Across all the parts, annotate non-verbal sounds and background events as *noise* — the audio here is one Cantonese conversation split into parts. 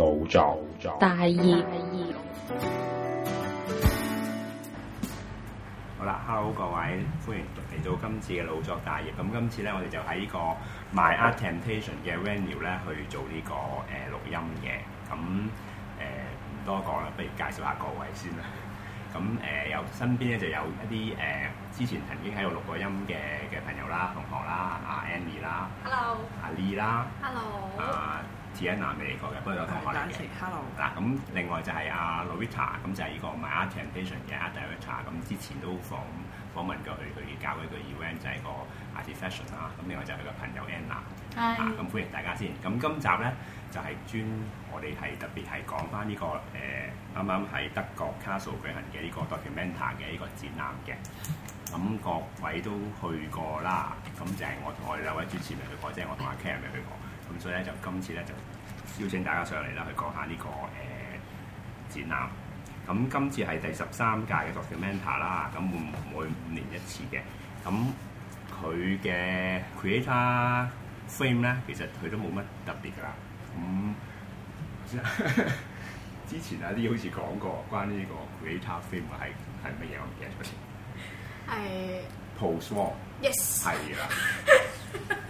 腦作大業。好啦，Hello 各位，歡迎嚟到今次嘅腦作大業。咁今次咧，我哋就喺呢個 My Art Temptation 嘅 Venue 咧去做呢、這個誒、呃、錄音嘅。咁誒唔多講啦，不如介紹下各位先啦。咁誒，有、呃、身邊咧就有一啲誒、呃、之前曾經喺度錄過音嘅嘅朋友啦、同學啦、阿、啊、Annie 啦、Hello、啊、阿 Lee 啦、Hello、啊。Anna 嚟嚟過嘅，不過係講 Hello，嗱、啊，咁另外就係、是、阿、啊、Louisa，咁就係呢個 My Art Foundation 嘅 Art Director，咁之前都訪訪問過佢，佢教嘅一個 event 就係個 Artifashion 啊，咁另外就係佢嘅朋友 Anna， *music* 啊，咁歡迎大家先。咁、啊、今集咧就係、是、專我哋係特別係講翻呢、這個誒啱啱喺德國 Kassel 舉行嘅呢個 Documenta 嘅呢個展覽嘅，咁、 *laughs* 啊、各位都去過啦，咁就係我同我哋兩位主持未去過，即、就、係、是、我同阿 Ken 未去過。咁所以咧就今次咧就邀請大家上嚟啦，去講下呢、這個誒、呃、展覽。咁今次係第十三屆嘅 Documenta 啦，咁會每五年一次嘅。咁佢嘅 Creator Frame 咧，其實佢都冇乜特別㗎啦。咁、嗯、之前有啲好似講過關於呢個 Creator Frame 係係乜嘢，我唔記得咗先。係、uh, Post War。Yes。係啦。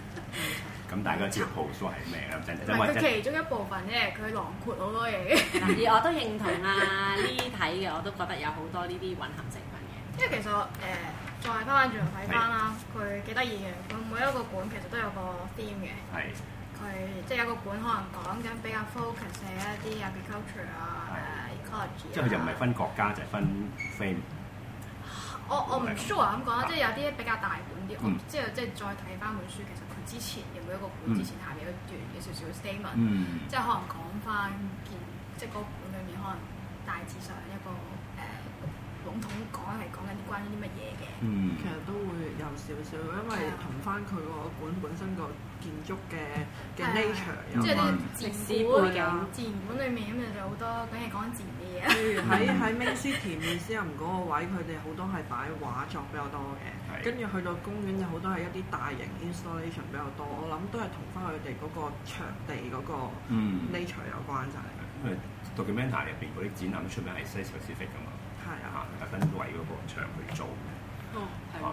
咁大家知 poetry 係咩啦？佢其中一部分咧，佢囊括好多嘢，而我都認同啊呢啲睇嘅，我都覺得有好多呢啲混合成分嘅。因為其實誒，再翻翻轉頭睇翻啦，佢幾得意嘅。佢每一個館其實都有個 theme 嘅，係佢即係有個館可能講緊比較 focus 喺一啲 agriculture 啊、ecology。即係佢就唔係分國家，就係分 theme。我我唔 sure 咁講即係有啲比較大館啲，我之後即係再睇翻本書其實。之前嘅每一個館之前下面一段、嗯、有少少 statement、嗯、即係可能講翻件，即係個館裏面可能大致上一個誒誒、呃、籠統講嚟講緊啲關於啲乜嘢嘅。嗯，其實都會有少少，因為同翻佢個館本身個建築嘅嘅 nature 有、嗯、即係啲歷史背景，自然館、啊、裏面，咁就好多梗係講自然。譬如喺喺 Main City Museum 嗰個位，佢哋好多係擺畫作比較多嘅。跟住的去到公園，有好多係一啲大型 installation 比較多。我諗都係同翻佢哋嗰個場地嗰個 nature、嗯、有關就係、是。嗯、因為 Documenta 入邊嗰啲展覽出名係 site specific 㗎嘛，係啊的，特登為個場去做嘅。哦，係。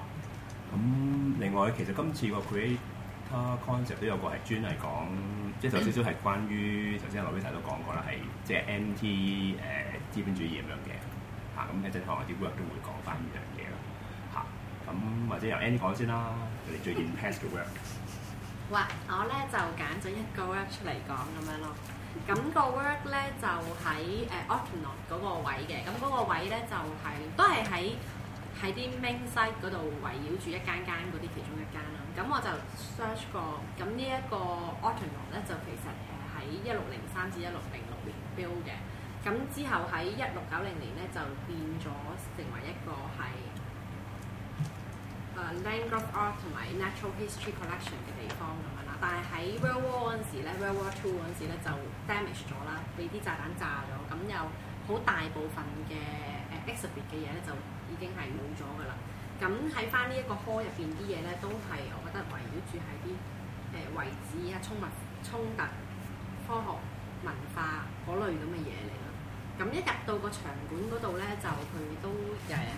咁另外其實今次個 Creator Concept 都有個係專係講，即係有少少係關於頭先 *coughs* 阿羅偉都講過啦，係即係 M T 誒。資本主義咁樣嘅，嚇咁誒，即係可能啲 work 都會講翻呢樣嘢咯，嚇咁或者由 Andy 講先啦。佢哋最近 pass 嘅 work。好，我咧就揀咗一個 work 出嚟講咁樣咯。咁個 work 咧就喺誒 alternative 嗰個位嘅，咁嗰個位咧就係都係喺喺啲 main site 嗰度圍繞住一間間嗰啲其中一間啦。咁我就 search 過，咁呢一個 alternative 咧就其實誒喺一六零三至一六零六年 build 嘅。咁之後，喺一六九零年咧，就變咗成為一個係誒、uh, land of art 同埋 natural history collection 嘅地方咁樣啦，但係喺 World War 嗰陣時咧，World War Two 嗰陣時咧就 damage 咗啦，俾啲炸彈炸咗，咁又好大部分嘅誒、uh, exhibit 嘅嘢咧就已經係冇咗㗎啦。咁喺翻呢一個科入邊啲嘢咧，都係我覺得圍繞住係啲誒遺址啊、衝、呃、突、衝突科學文化嗰類咁嘅嘢。咁一入到個場館嗰度咧，就佢都誒、呃，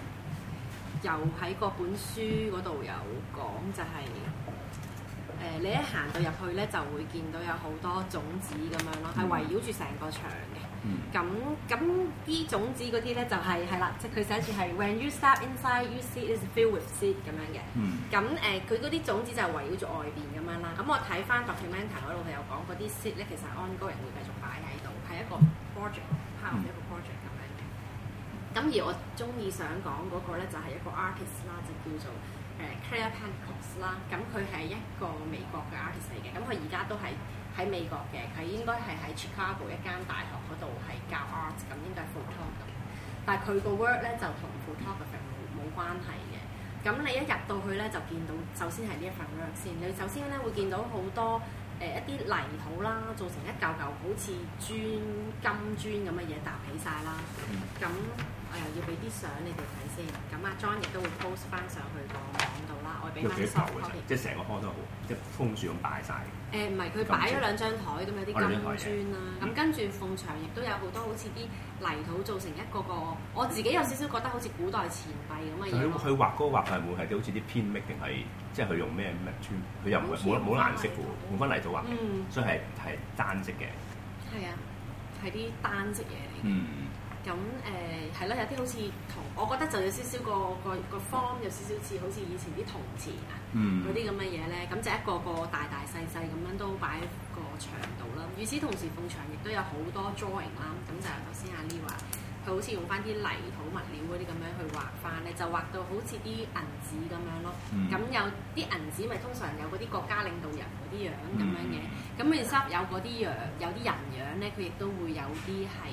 又喺嗰本書嗰度有講、就是，就係誒你一行到入去咧，就會見到有好多種子咁樣咯，係圍繞住成個場嘅。嗯。咁咁呢種子嗰啲咧就係、是、係啦，即係佢寫住係 When you step inside, you see it's filled with seed 咁樣嘅。嗯。咁誒，佢嗰啲種子就係圍繞住外邊咁樣啦。咁我睇翻 documentary 嗰度佢有講嗰啲 seed 咧，其實 ongoing 會繼續擺喺度，係一個 project。一個 project 咁樣，咁而我中意想講嗰個咧就係一個 artist 啦，就叫做誒 Kerapankos、呃、啦。咁佢係一個美國嘅 artist 嚟嘅，咁佢而家都喺喺美國嘅，佢應該係喺 Chicago 一間大學嗰度係教 arts，咁、嗯、應該係 photography 咁。Ic，但係佢個 work 咧就同 photography 冇冇關係嘅。咁、嗯、你一入到去咧就見到，首先係呢一份 work 先。你首先咧會見到好多。誒、呃、一啲泥土啦，做成一嚿嚿好似磚金磚咁嘅嘢搭起晒啦，咁、嗯。我又要俾啲相你哋睇先，咁阿 John 亦都會 post 翻上去個網度啦。我俾翻啲相，即係成個坡都好，即係風樹咁擺晒。誒唔係，佢擺咗兩張台咁，有啲金磚啦。咁跟住奉牆亦都有好多好似啲泥土做成一個個。我自己有少少覺得好似古代錢幣咁嘅嘢。佢佢畫嗰個畫係會係啲好似啲偏僻定係即係佢用咩咩磚？佢又唔會冇冇顏色嘅喎，用翻泥土畫，所以係係單色嘅。係啊，係啲單色嘢嚟嘅。咁誒係咯，呃嗯嗯嗯、有啲好似銅，我覺得就有少少個個個,個 form 有少少似好似以前啲銅錢啊，嗰啲咁嘅嘢咧。咁就一個個大大細細咁樣都擺喺個牆度啦。與此同時，奉牆亦都有,多 ing, 有好多 drawing 啦。咁就係頭先阿 Leo 話，佢好似用翻啲泥土物料嗰啲咁樣去畫翻咧，就畫到好似啲銀紙咁樣咯。咁有啲銀紙咪通常有嗰啲國家領導人嗰啲樣咁樣嘅。咁佢有嗰啲樣，有啲人樣咧，佢亦都會有啲係。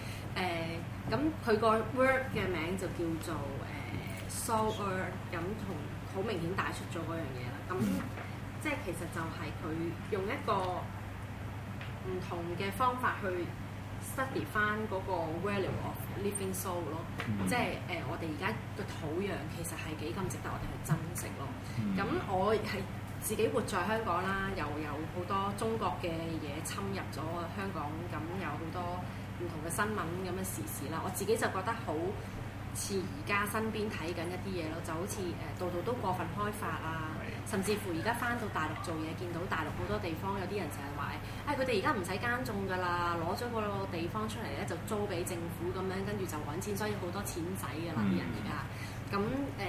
誒，咁佢個 word 嘅名就叫做誒 soil，咁同好明顯帶出咗嗰樣嘢啦。咁即係其實就係佢用一個唔同嘅方法去 study 翻嗰個 value of living soul 咯，嗯、即係誒、呃、我哋而家嘅土壤其實係幾咁值得我哋去珍惜咯。咁、嗯、我係自己活在香港啦，又有好多中國嘅嘢侵入咗香港，咁有好多。唔同嘅新聞咁嘅時事啦，我自己就覺得好似而家身邊睇緊一啲嘢咯，就好似誒度度都過分開發啊，甚至乎而家返到大陸做嘢，見到大陸好多地方有啲人成日話誒，佢哋而家唔使耕種㗎啦，攞咗個地方出嚟咧就租俾政府咁樣，跟住就揾錢，所以好多錢仔㗎啦，啲人而家，咁誒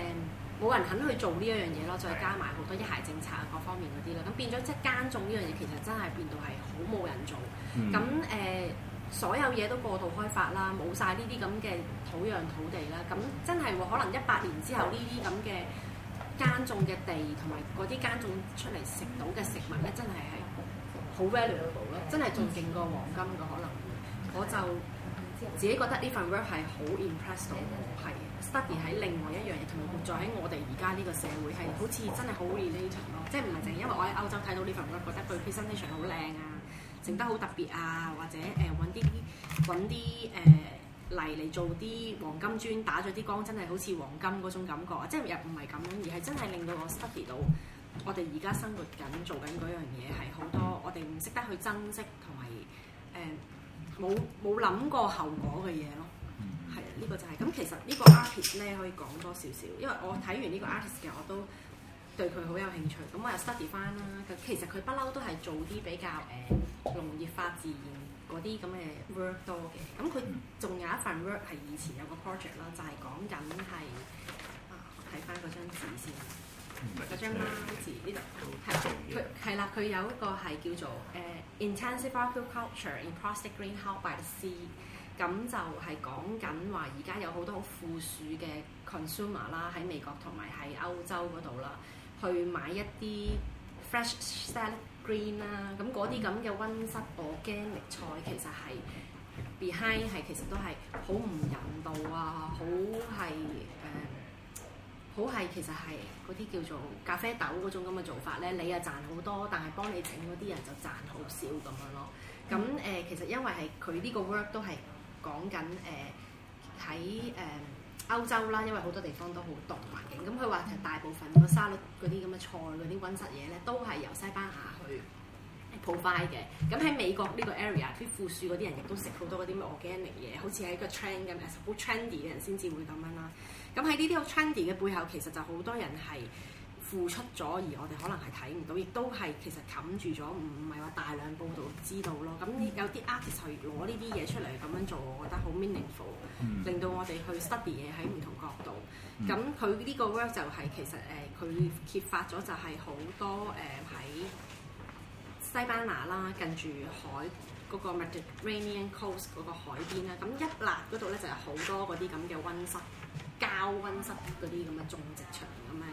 冇人肯去做呢一樣嘢咯，再加埋好多一孩政策各方面嗰啲啦，咁變咗即係耕種呢樣嘢，其實真係變到係好冇人做，咁誒、mm。Hmm. 嗯呃所有嘢都過度開發啦，冇晒呢啲咁嘅土壤土地啦，咁真係可能一百年之後呢啲咁嘅耕種嘅地同埋嗰啲耕種出嚟食到嘅食物咧，真係係好 valuable 咯，真係仲勁過黃金嘅可能我就自己覺得呢份 work 係好 impressed 到，係 study 喺另外一樣嘢，同埋活在喺我哋而家呢個社會係好真似真係好 r e l a t e b l 即係唔係淨因為我喺歐洲睇到呢份 work 覺得佢 presentation 好靚啊。整得好特別啊，或者誒，揾啲揾啲誒泥嚟做啲黃金磚，打咗啲光，真係好似黃金嗰種感覺，即係又唔係咁樣，而係真係令到我 study 到我哋而家生活緊做緊嗰樣嘢係好多，我哋唔識得去珍惜同埋誒冇冇諗過後果嘅嘢咯。係啊，呢個就係咁。其實呢個 artist 咧可以講多少少，因為我睇完呢個 artist 嘅我都，對佢好有興趣，咁我又 study 翻啦。咁其實佢不嬲都係做啲比較誒農業化自然嗰啲咁嘅 work 多嘅。咁佢仲有一份 work 係以前有個 project 啦，就係講緊係啊，睇翻嗰張紙先。嗰張啦，呢度係。佢係啦，佢有一個係叫做誒、uh, intensive agriculture in plastic greenhouse by the sea。咁就係講緊話，而家有好多好富庶嘅 consumer 啦，喺美國同埋喺歐洲嗰度啦。去買一啲 fresh salad green 啦、啊，咁嗰啲咁嘅温室我驚力菜其實係 behind 係其實都係好唔人道啊，好係誒，好、呃、係其實係嗰啲叫做咖啡豆嗰種咁嘅做法咧，你啊賺好多，但係幫你整嗰啲人就賺好少咁樣咯。咁誒、呃，其實因為係佢呢個 work 都係講緊誒喺誒。呃歐洲啦，因為好多地方都好凍環境，咁佢話其實大部分個沙律嗰啲咁嘅菜嗰啲温室嘢咧，都係由西班牙去 provide 嘅。咁喺美國呢個 area，啲富庶嗰啲人亦都食好多嗰啲咩 organic 嘢，好似喺個 trend 咁，其實好 trendy 嘅人先至會咁樣啦。咁喺呢啲好 trendy 嘅背後，其實就好多人係，付出咗，而我哋可能係睇唔到，亦都係其實冚住咗，唔係話大量報道知道咯。咁有啲 artist 係攞呢啲嘢出嚟咁樣做，我覺得好 meaningful，mm-hmm. 令到我哋去 study 嘢喺唔同角度。咁佢呢個 work 就係其實誒佢，呃、揭發咗就係好多誒喺，呃、西班牙啦，近住海，嗰個 Mediterranean Coast 個海邊啦。咁一欄度咧就係好多啲咁嘅温室，膠温室啲咁嘅種植場咁嘅。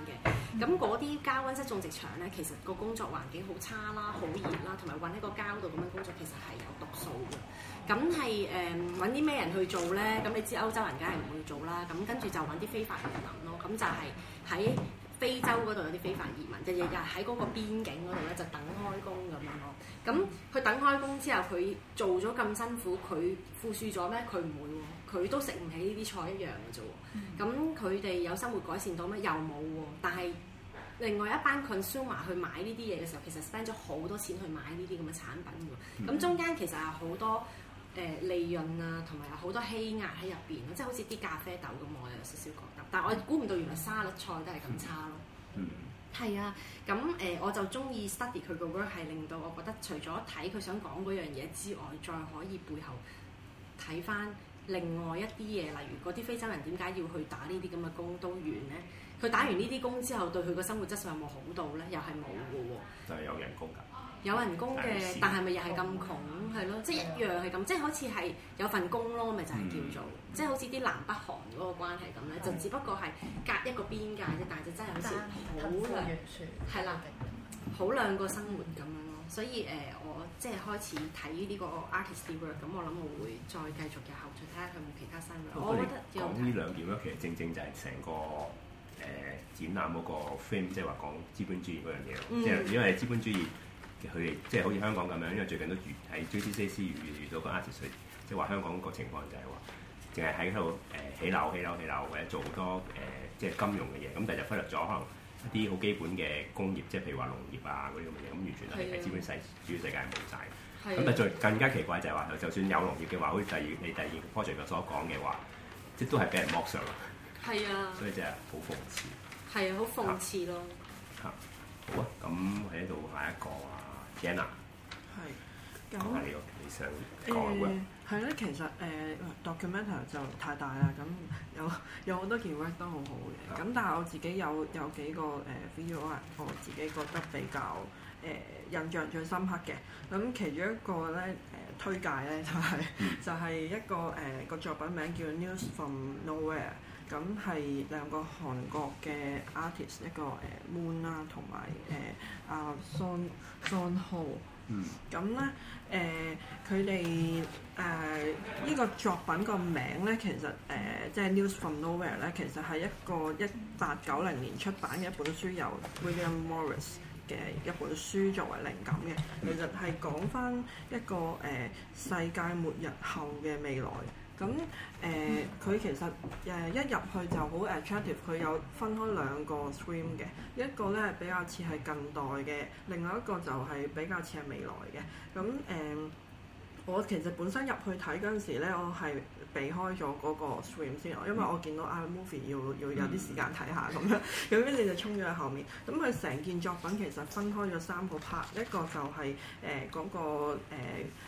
咁嗰啲膠温室種植場咧，其實個工作環境好差啦，好熱啦，同埋揾喺個膠度咁樣工作，其實係有毒素嘅。咁係誒揾啲咩人去做咧？咁你知歐洲人梗係唔會做啦。咁跟住就揾啲非法移民咯。咁就係喺非洲嗰度有啲非法移民，日日日喺嗰個邊境嗰度咧就等開工咁樣咯。咁佢等開工之後，佢做咗咁辛苦，佢付輸咗咩？佢唔會喎。佢都食唔起呢啲菜一樣嘅啫喎，咁佢哋有生活改善到咩？又冇喎。但係另外一班 consumer 去買呢啲嘢嘅時候，其實 spend 咗好多錢去買呢啲咁嘅產品㗎喎。咁、mm hmm. 中間其實有好多誒、呃、利潤啊，同埋有好多欺壓喺入邊即係好似啲咖啡豆咁喎。我有少少覺得，但係我估唔到原來沙律菜都係咁差咯。嗯、mm。係、hmm. 啊，咁誒、呃、我就中意 study 佢個 work 係令到我覺得，除咗睇佢想講嗰樣嘢之外，再可以背後睇翻。另外一啲嘢，例如嗰啲非洲人點解要去打呢啲咁嘅工都完咧？佢打完呢啲工之後，對佢嘅生活質素有冇好到咧？又係冇嘅喎。就係有人工㗎。有人工嘅，但係咪又係咁窮？係咯，即係一樣，係咁，即係好似係有份工咯，咪就係叫做，即係好似啲南北韓嗰個關係咁咧，就只不過係隔一個邊界啫，但係就真係好似好兩，係啦，好兩個生活咁樣咯，所以誒。即係開始睇呢個 artist work，咁我諗我會再繼續嘅後續睇下佢有冇其他新嘅。我覺得講呢兩點咧，其實正正就係成個誒、呃、展覽嗰個 frame，即係話講資本主義嗰樣嘢。嗯、即係因為資本主義佢哋即係好似香港咁樣，因為最近都遇喺 J C S C 遇遇到個 artist，即係話香港個情況就係、是、話，淨係喺度誒起樓、起樓、起樓，或者做好多誒、呃、即係金融嘅嘢。咁但係就忽略咗可能。一啲好基本嘅工業，即係譬如話農業啊嗰啲咁嘅嘢，咁完全係係資本世，的主要世界係冇晒。咁的但係最更加奇怪就係話，就算有農業嘅話，好似第二你第二 project 所講嘅話，即係都係俾人剝削。係啊的，所以真係好諷刺。係啊，啊，好諷刺咯。嚇，好啊，咁喺度下一個啊，Jenna。係的。講下你你想講係咧，其實誒、呃、Documenta 就太大啦，咁有有好多件 work 都好好嘅，咁但係我自己有有幾個誒、呃、viewer 我自己覺得比較誒、呃、印象最深刻嘅，咁其中一個咧誒、呃、推介咧就係、是、 *laughs* 就係一個誒個、呃、作品名叫 News from Nowhere，咁係兩個韓國嘅 artist，一個誒、呃、Moon 啦同埋誒啊、呃、啊 Son Son 浩。咁咧，誒、嗯，佢哋誒呢、呃呃這個作品個名咧，其實誒即係 News from Nowhere 咧，其實係一個一八九零年出版嘅一本書，由 William Morris 嘅一本書作為靈感嘅，其實係講返一個誒、呃、世界末日後嘅未來。咁誒，佢、呃、其實誒、呃、一入去就好 attractive，佢有分開兩個 stream 嘅，一個咧比較似係近代嘅，另外一個就係比較似係未來嘅。咁誒、呃，我其實本身入去睇嗰陣時咧，我係，避開咗嗰個 swim 先，因為我見到阿 movie 要要有啲時間睇下咁樣，咁跟住就衝咗喺後面。咁佢成件作品其實分開咗三個 part，一個就係誒嗰個誒誒、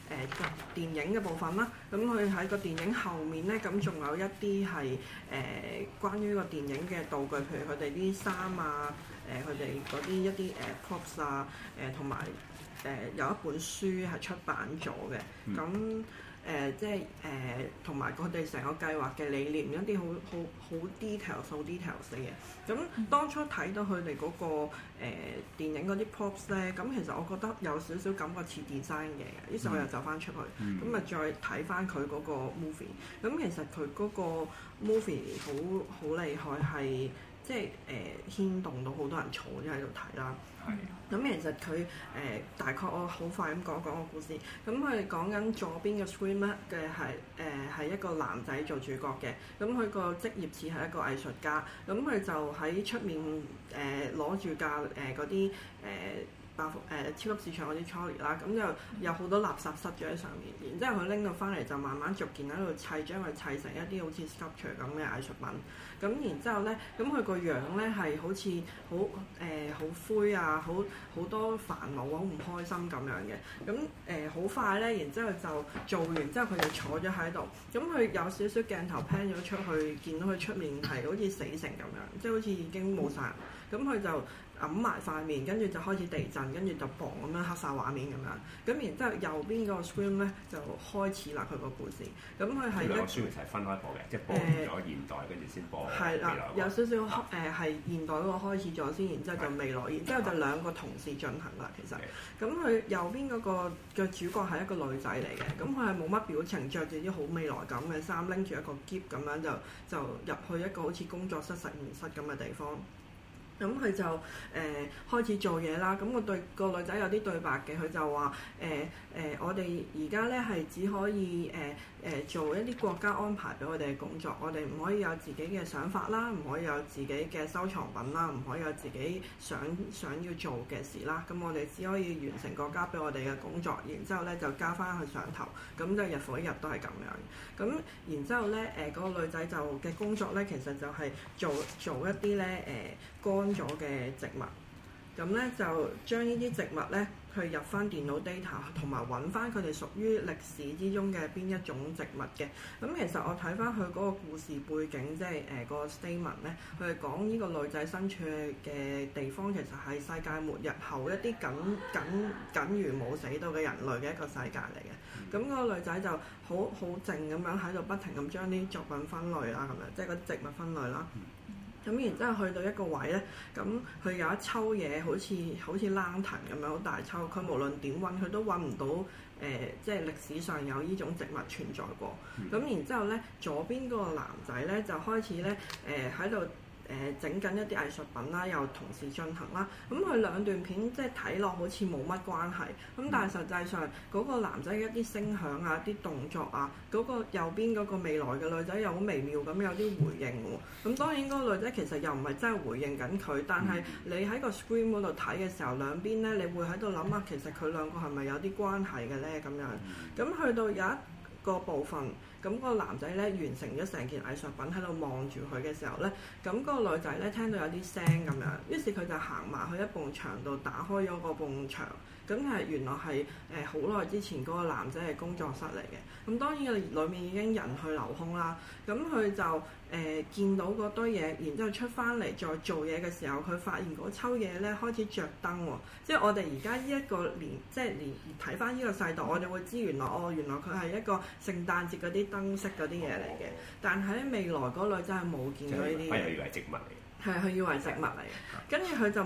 呃呃、電影嘅部分啦。咁佢喺個電影後面咧，咁仲有一啲係誒關於個電影嘅道具，譬如佢哋啲衫啊，誒佢哋嗰啲一啲誒 props 啊，誒同埋誒有一本書係出版咗嘅，咁、嗯。誒、呃、即係誒同埋佢哋成個計劃嘅理念，一啲好好好 detail、細 detail 嘅嘢。咁當初睇到佢哋嗰個誒、呃、電影嗰啲 props 咧，咁其實我覺得有少少感覺似電山嘅。嗯、於是我又走翻出去，咁咪、嗯、再睇翻佢嗰個 movie。咁其實佢嗰個 movie 好好厲害係。即係誒牽動到好多人坐咗喺度睇啦。係咁，其實佢誒大概我好快咁講講個故事。咁佢講緊左邊嘅《Scream》嘅係誒係一個男仔做主角嘅。咁佢個職業似係一個藝術家。咁佢就喺出面誒攞住架誒嗰啲誒百貨超級市場嗰啲 Trolley 啦。咁就有好多垃圾塞咗喺上面，然之後佢拎到翻嚟就慢慢逐件喺度砌，將佢砌成一啲好似 sculpture 咁嘅藝術品。咁然之後咧，咁佢個樣咧係好似好誒好灰啊，好好多煩惱，好唔開心咁樣嘅。咁誒好快咧，然之後、呃、後就做完之後，佢就坐咗喺度。咁佢有少少鏡頭 pan 咗出去，見到佢出面係好似死成咁樣，即係好似已經冇晒。咁佢、嗯、就揞埋塊面，跟住就開始地震，跟住就 boom 咁樣黑晒畫面咁樣。咁然之後右邊個 screen 咧就開始啦佢個故事。咁佢係兩個 screen 一齊分開播嘅，呃、即係播咗現代跟住先播。係啦，有少少開誒係、啊、現代嗰個開始咗先，然之後就未來，啊、然之後就兩個同時進行啦。其實，咁佢、啊、右邊嗰、嗰個嘅主角係一個女仔嚟嘅，咁佢係冇乜表情，着住啲好未來感嘅衫，拎住一個喼咁樣就就入去一個好似工作室實驗室咁嘅地方。咁佢就誒、呃、開始做嘢啦。咁我對、嗰個女仔有啲對白嘅，佢就話誒誒，我哋而家咧係只可以誒。呃呃誒做一啲國家安排俾我哋嘅工作，我哋唔可以有自己嘅想法啦，唔可以有自己嘅收藏品啦，唔可以有自己想想要做嘅事啦。咁我哋只可以完成國家俾我哋嘅工作，然之後咧就加翻佢上頭，咁就日復一日都係咁樣。咁然之後咧，誒、那、嗰個女仔就嘅工作咧，其實就係做做一啲咧誒乾咗嘅植物，咁咧就將呢啲植物咧。佢入翻電腦 data，同埋揾翻佢哋屬於歷史之中嘅邊一種植物嘅。咁其實我睇翻佢嗰個故事背景，即係誒個 statement 咧，佢係講呢個女仔身處嘅地方，其實係世界末日後一啲僅僅僅如冇死到嘅人類嘅一個世界嚟嘅。咁個女仔就好好靜咁樣喺度不停咁將啲作品分類啦，咁樣即係個植物分類啦。咁然之後去到一個位咧，咁佢有一抽嘢好似好似蘭藤咁樣，好大抽，佢無論點揾佢都揾唔到，誒、呃、即係歷史上有呢種植物存在過。咁然之後咧，左邊嗰個男仔咧就開始咧誒喺度。呃誒整緊一啲藝術品啦，又同時進行啦。咁佢兩段片即係睇落好似冇乜關係，咁但係實際上嗰個男仔嘅一啲聲響啊、啲動作啊，嗰個右邊嗰個未來嘅女仔又好微妙咁有啲回應喎。咁當然嗰個女仔其實又唔係真係回應緊佢，但係你喺個 screen 嗰度睇嘅時候，兩邊呢，你會喺度諗下其實佢兩個係咪有啲關係嘅呢？咁樣咁去到有一個部分。咁個男仔咧，完成咗成件藝術品喺度望住佢嘅時候咧，咁個女仔咧，聽到有啲聲咁樣，於是佢就行埋去一埲牆度，打開咗個埲牆。咁係原來係誒好耐之前嗰個男仔嘅工作室嚟嘅，咁當然裏面已經人去樓空啦。咁佢就誒、呃、見到嗰堆嘢，然之後出翻嚟再做嘢嘅時候，佢發現嗰抽嘢咧開始着燈喎、喔。即係我哋而家呢一個年，即係年睇翻呢個世代，嗯、我哋會知原來哦，原來佢係一個聖誕節嗰啲燈飾嗰啲嘢嚟嘅。哦、但喺未來嗰女仔真係冇見到呢啲嘅，係以為植物嚟嘅，係佢以為係植物嚟嘅，跟住佢就。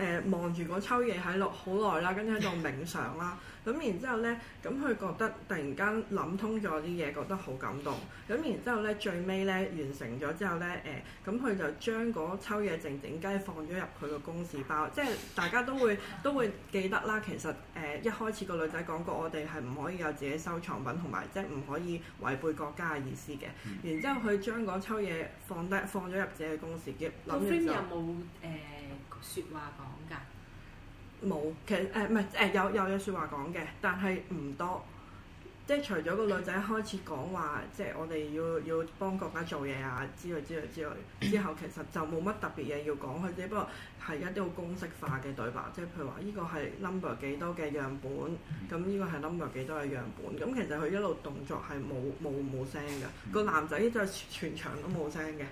誒、呃、望住嗰抽嘢喺度好耐啦，跟住喺度冥想啦，咁然之後呢，咁佢覺得突然間諗通咗啲嘢，覺得好感動。咁然之後呢，最尾呢，完成咗之後呢，誒，咁佢就將嗰抽嘢靜靜雞放咗入佢個公事包，即係大家都會都會記得啦。其實誒、呃，一開始個女仔講過，我哋係唔可以有自己收藏品同埋，即係唔可以違背國家嘅意思嘅。然之後佢將嗰抽嘢放低，放咗入自己公事夾，有冇誒？呃説話講㗎，冇，其實誒唔係誒有有有説話講嘅，但係唔多，即係除咗個女仔開始講話，即係我哋要要幫國家做嘢啊之類之類之類，之後，其實就冇乜特別嘢要講，佢只不過。係一啲好公式化嘅對白，即係譬如話呢個係 number 幾多嘅樣本，咁呢個係 number 幾多嘅樣本，咁其實佢一路動作係冇冇冇聲嘅，個男仔就全場都冇聲嘅，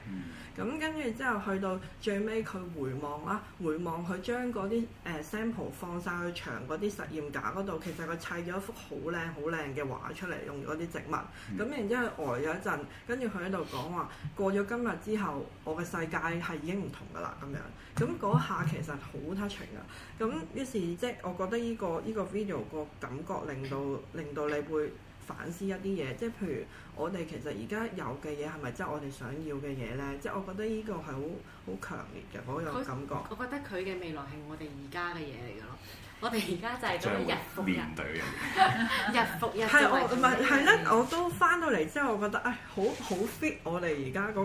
咁跟住之後去到最尾佢回望啦，回望佢將嗰啲誒 sample 放晒去牆嗰啲實驗架嗰度，其實佢砌咗一幅好靚好靚嘅畫出嚟，用咗啲植物，咁然之後呆咗一陣，跟住佢喺度講話過咗今日之後，我嘅世界係已經唔同㗎啦咁樣，咁、那個下其實好 touching 噶，咁於是即係我覺得呢個呢個 video 個感覺令到令到你會反思一啲嘢，即係譬如我哋其實而家有嘅嘢係咪即係我哋想要嘅嘢咧？即係我覺得呢個係好好強烈嘅，好有感覺。我覺得佢嘅未來係我哋而家嘅嘢嚟㗎咯。我哋而家就係做日服噶，日服日係 *laughs* *laughs* 我唔係係咧，我都翻到嚟之後，覺得啊好好 fit 我哋而家嗰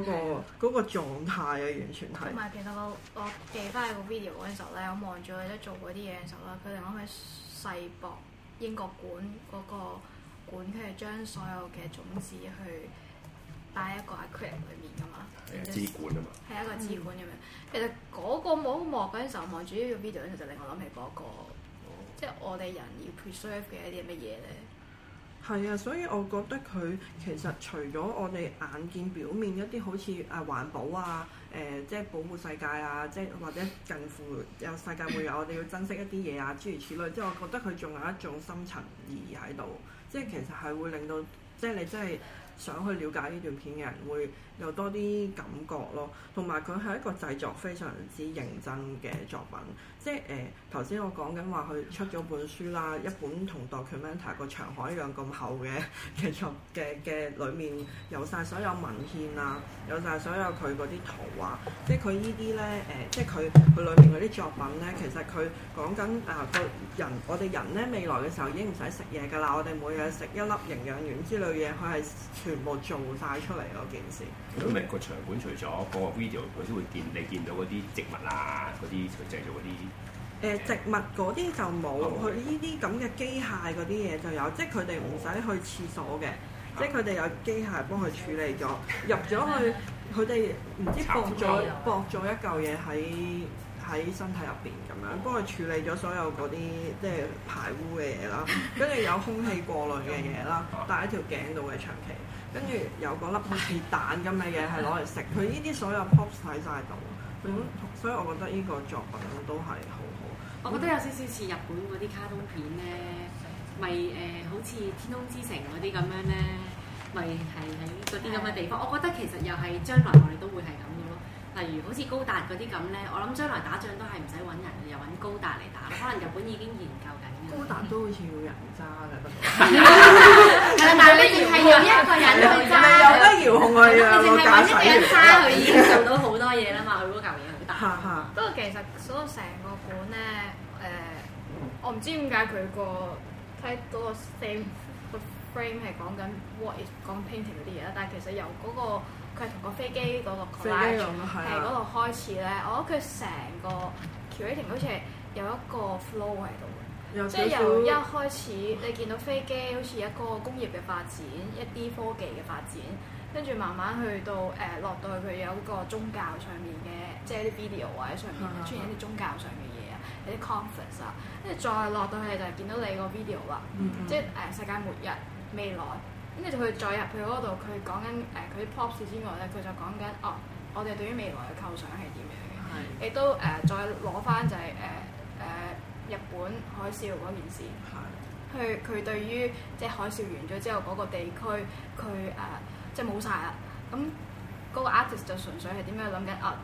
個嗰 *laughs* 個狀態啊，完全係。同埋其實我我記翻嚟個 video 嗰陣時咧，我望住佢做嗰啲嘢嘅時候咧，佢令我諗起世博英國館嗰個館，佢係將所有嘅種子去擺一個 aquarium 裡面噶嘛，係一個資管啊嘛，係一個支管咁樣。其實嗰個冇望嗰陣時，望住呢個 video 嗰陣時，就令我諗起嗰、那個。即係我哋人要 preserve 嘅一啲乜嘢咧？係啊，所以我覺得佢其實除咗我哋眼見表面一啲好似啊環保啊，誒、呃、即係保護世界啊，即係或者近乎有世界會有我哋要珍惜一啲嘢啊諸如此類，即係我覺得佢仲有一種深層意義喺度，即係其實係會令到即係你真係想去了解呢段片嘅人會有多啲感覺咯，同埋佢係一個製作非常之認真嘅作品，即係誒頭先我講緊話佢出咗本書啦，一本同 Documenta 個長海一樣咁厚嘅嘅作嘅嘅裏面有晒所有文獻啊，有晒所有佢嗰啲圖畫，即係佢呢啲咧誒，即係佢佢裏面嗰啲作品咧，其實佢講緊啊個人，我哋人咧未來嘅時候已經唔使食嘢噶啦，我哋每日食一粒營養丸之類嘢，佢係全部做晒出嚟嗰件事。咁咪個場館除咗播 video，佢先會見你見到嗰啲植物啊，嗰啲佢製造嗰啲。誒植物嗰啲就冇，佢呢啲咁嘅機械嗰啲嘢就有，即係佢哋唔使去廁所嘅，即係佢哋有機械幫佢處理咗入咗去，佢哋唔知駁咗駁咗一嚿嘢喺喺身體入邊咁樣，幫佢處理咗所有嗰啲即係排污嘅嘢啦，跟住有空氣過濾嘅嘢啦，戴一條頸度嘅長期。跟住有嗰粒好似蛋咁嘅嘢係攞嚟食，佢呢啲所有 pops 睇晒到，咁、嗯、所以我覺得呢個作品都係好好。我覺得有少少似日本嗰啲卡通片咧，咪誒、嗯呃、好似《天空之城》嗰啲咁樣咧，咪係喺嗰啲咁嘅地方。我覺得其實又係將來我哋都會係咁嘅咯。例如好似高達嗰啲咁咧，我諗將來打仗都係唔使揾人，又揾高達嚟打咯。可能日本已經研究。都好似要人揸㗎，不過 *laughs* 但係你係要一個人去揸，對有得遙控係對啊！我介揸，佢已經做到好多嘢啦嘛，佢嗰嚿嘢。不過 *laughs* 其實，所以成個館咧，誒、呃，我唔知點解佢個睇到個 scene 個 frame 係講緊 what is 講 painting 嗰啲嘢啦，但係其實由嗰、那個佢係同個飛機嗰個 collage 係嗰度開始咧，對 *laughs* 我覺得佢成個 curating 好似係有一個 flow 喺度。即係由一開始，你見到飛機好似一個工業嘅發展，一啲科技嘅發展，跟住慢慢去到誒、呃、落到去佢有一個宗教上面嘅，即係啲 video 啊喺上面出現一啲宗教上嘅嘢啊，有啲 conference 啊，跟住再落到去就係見到第二個 video 啦、啊，mm hmm。即係誒、呃、世界末日未來，跟住佢再入去嗰度，佢講緊誒佢 pope 之外咧，佢就講緊哦，我哋對於未來嘅構想係點樣嘅，亦都誒、呃、再攞翻就係誒誒。呃呃呃日本海嘯件事，係佢佢對於即係海嘯完咗之後，嗰個地區佢誒、呃、即係冇晒啦。咁個 artist 就純粹係點樣諗緊啊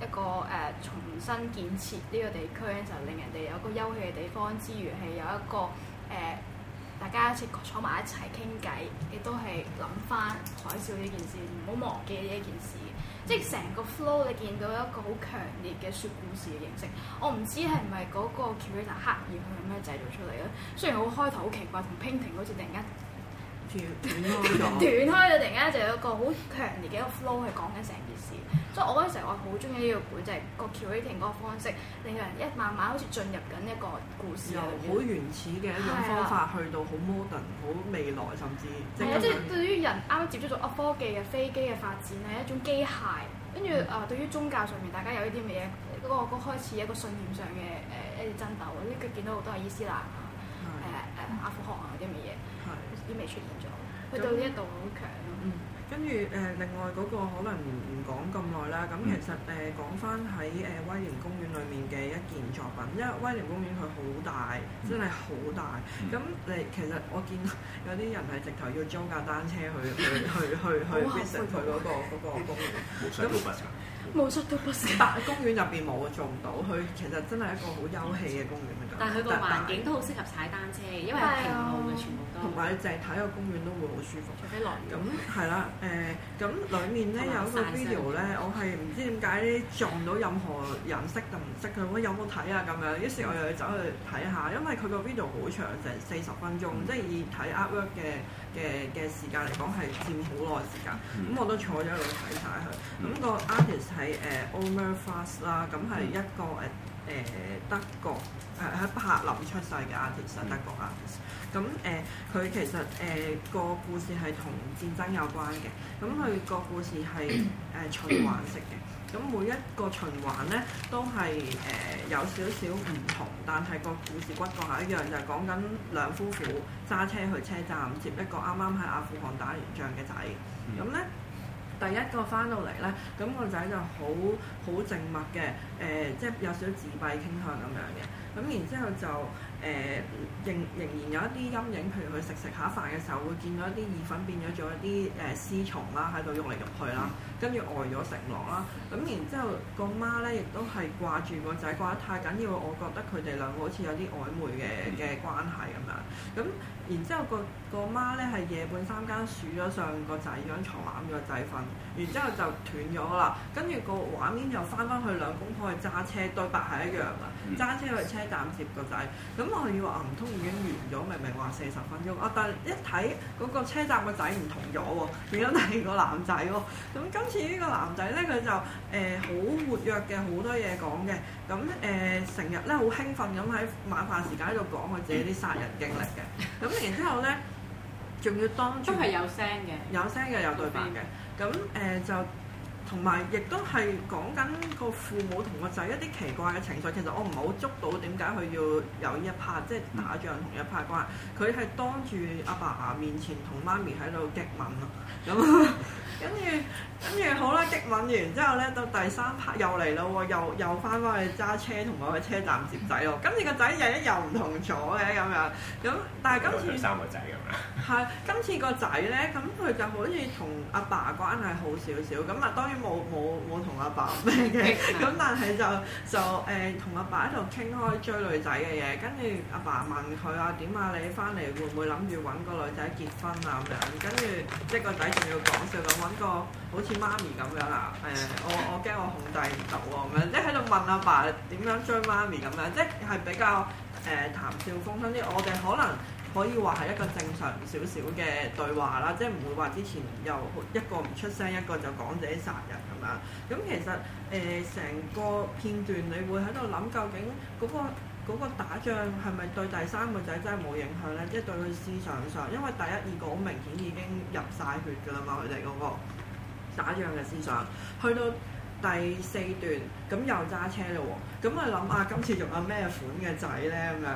誒一個誒、呃、重新建設呢個地區咧，就、令人哋有個休憩嘅地方之餘係有一個誒、呃、大家一齊坐埋一齊傾偈，亦都係諗翻海嘯呢件事，唔好忘記呢一件事。即係成個 flow，你見到一個好強烈嘅說故事嘅形式。我唔知係唔係嗰個 curator 刻意去咁樣製造出嚟咧。雖然我開頭好奇怪，同 painting 好似突然間。斷開咗， *laughs* 斷開咗，突然間就有一個好強烈嘅一個 flow 去講緊成件事，所以我嗰陣時我好中意呢個古仔，就係、是、個 curating 嗰個方式，令人一慢慢好似進入緊一個故事。由好、哦、原始嘅一種方法、啊、去到好 modern、好未來，甚至即係即係對於人啱啱接觸咗科技嘅飛機嘅發展係一種機械，跟住誒對於宗教上面大家有呢啲乜嘢嗰個嗰開始一個信念上嘅誒一啲爭鬥，即佢見到好多係伊斯蘭啊誒誒、嗯、阿富汗啊啲乜嘢。未出現咗，佢到呢一度好強咯。嗯，跟住誒，另外嗰個可能唔講咁耐啦。咁其實誒講返喺誒威廉公園裏面嘅一件作品，因為威廉公園佢好大，真係好大。咁你其實我見有啲人係直頭要租架單車去去去去去變成佢嗰個嗰個公園，冇錯，冇錯，冇錯，都不行。但係公園入邊冇做唔到，佢其實真係一個好休憩嘅公園。但佢個環境都好適合踩單車，啊、因為平路全部都。同埋你淨係睇個公園都會好舒服。咁係啦，誒、嗯，咁、呃呃、裡面咧有，有，有一個 video 咧，我係唔知點解撞到任何人識就唔識佢，我有冇睇啊咁樣？於是我又去走去睇下，因為佢個 video 好長，成四十分鐘，即係以睇 artwork 嘅嘅嘅時間嚟講係佔好耐時間。咁、嗯、我都坐咗喺度睇曬佢。咁、嗯嗯、個 artist 係誒 Omer Fast 啦，咁、uh，係一個誒。誒德國，誒、呃、喺柏林出世嘅 artist，德國 artist。咁誒佢其實誒個、呃、故事係同戰爭有關嘅。咁佢個故事係誒、呃、循環式嘅。咁每一個循環咧都係誒、呃、有少少唔同，但係個故事骨幹係一樣，就係講緊兩夫婦揸車去車站接一個啱啱喺阿富汗打完仗嘅仔。咁、嗯、咧。嗯第一個翻到嚟咧，咁個仔就好好靜默嘅，誒，呃，即係有少自閉傾向咁樣嘅。咁然之後就誒、呃，仍仍然有一啲陰影，譬如佢食食下飯嘅時候，會見到一啲意粉變咗做一啲誒絲蟲啦，喺度喐嚟喐去啦，跟住呆咗食落啦。咁然之後個媽咧，亦都係掛住個仔，掛得太緊要，我覺得佢哋兩個好似有啲曖昧嘅嘅關係咁樣。咁然之後，然後個個媽咧係夜半三更鼠咗上個仔張牀攬住個仔瞓，然之後就斷咗啦。跟住個畫面又翻翻去兩公婆去揸車，對白係一樣噶。揸車去車站接個仔，咁我以為唔通已經完咗？明明話四十分鐘，我但一睇嗰、嗰個車站個仔唔同咗喎，變咗第二個男仔喎，咁今次呢個男仔咧佢就誒好、呃、活躍嘅，好多嘢講嘅，咁誒成日咧好興奮咁喺晚飯時間喺度講佢自己啲殺人經歷嘅，咁然之後咧仲要當都係有聲嘅，有聲嘅有對白嘅，咁誒邊、呃、就。同埋，亦都係講緊個父母同個仔一啲奇怪嘅情緒。其實我唔係好捉到點解佢要有一拍，即係打仗同一拍關。佢係當住阿爸爸面前同媽咪喺度激吻咯。咁跟住。跟住好啦，激吻完之後咧，到第三 part 又嚟咯，又又翻返去揸車同我去車站接仔咯。跟住個仔日日又唔同咗嘅咁樣，咁但係今次，今次三個仔咁樣，係今次個仔咧，咁、嗯、佢就好似同阿爸關係好少少，咁啊當然冇冇冇同阿爸咩嘅，咁但係就就誒同阿爸喺度傾開追女仔嘅嘢。跟住阿爸問佢啊，點啊，你翻嚟會唔會諗住揾個女仔結婚啊咁樣？跟住一個仔仲要講笑咁揾個好似。媽咪咁樣啊！誒，我我驚我控制唔到喎，咁樣即係喺度問阿爸點樣追媽咪咁樣，即係比較誒談笑風生啲。我哋可能可以話係一個正常少少嘅對話啦，即係唔會話之前又一個唔出聲，一個就講自己殺人咁樣。咁其實誒成個片段你會喺度諗，究竟嗰個嗰個打仗係咪對第三個仔真係冇影響咧？即係對佢思想上，因為第一二個好明顯已經入晒血㗎啦嘛，佢哋嗰個。打仗嘅思想，去到第四段咁又揸車嘞。咁佢諗下今次用啊咩款嘅仔咧咁樣，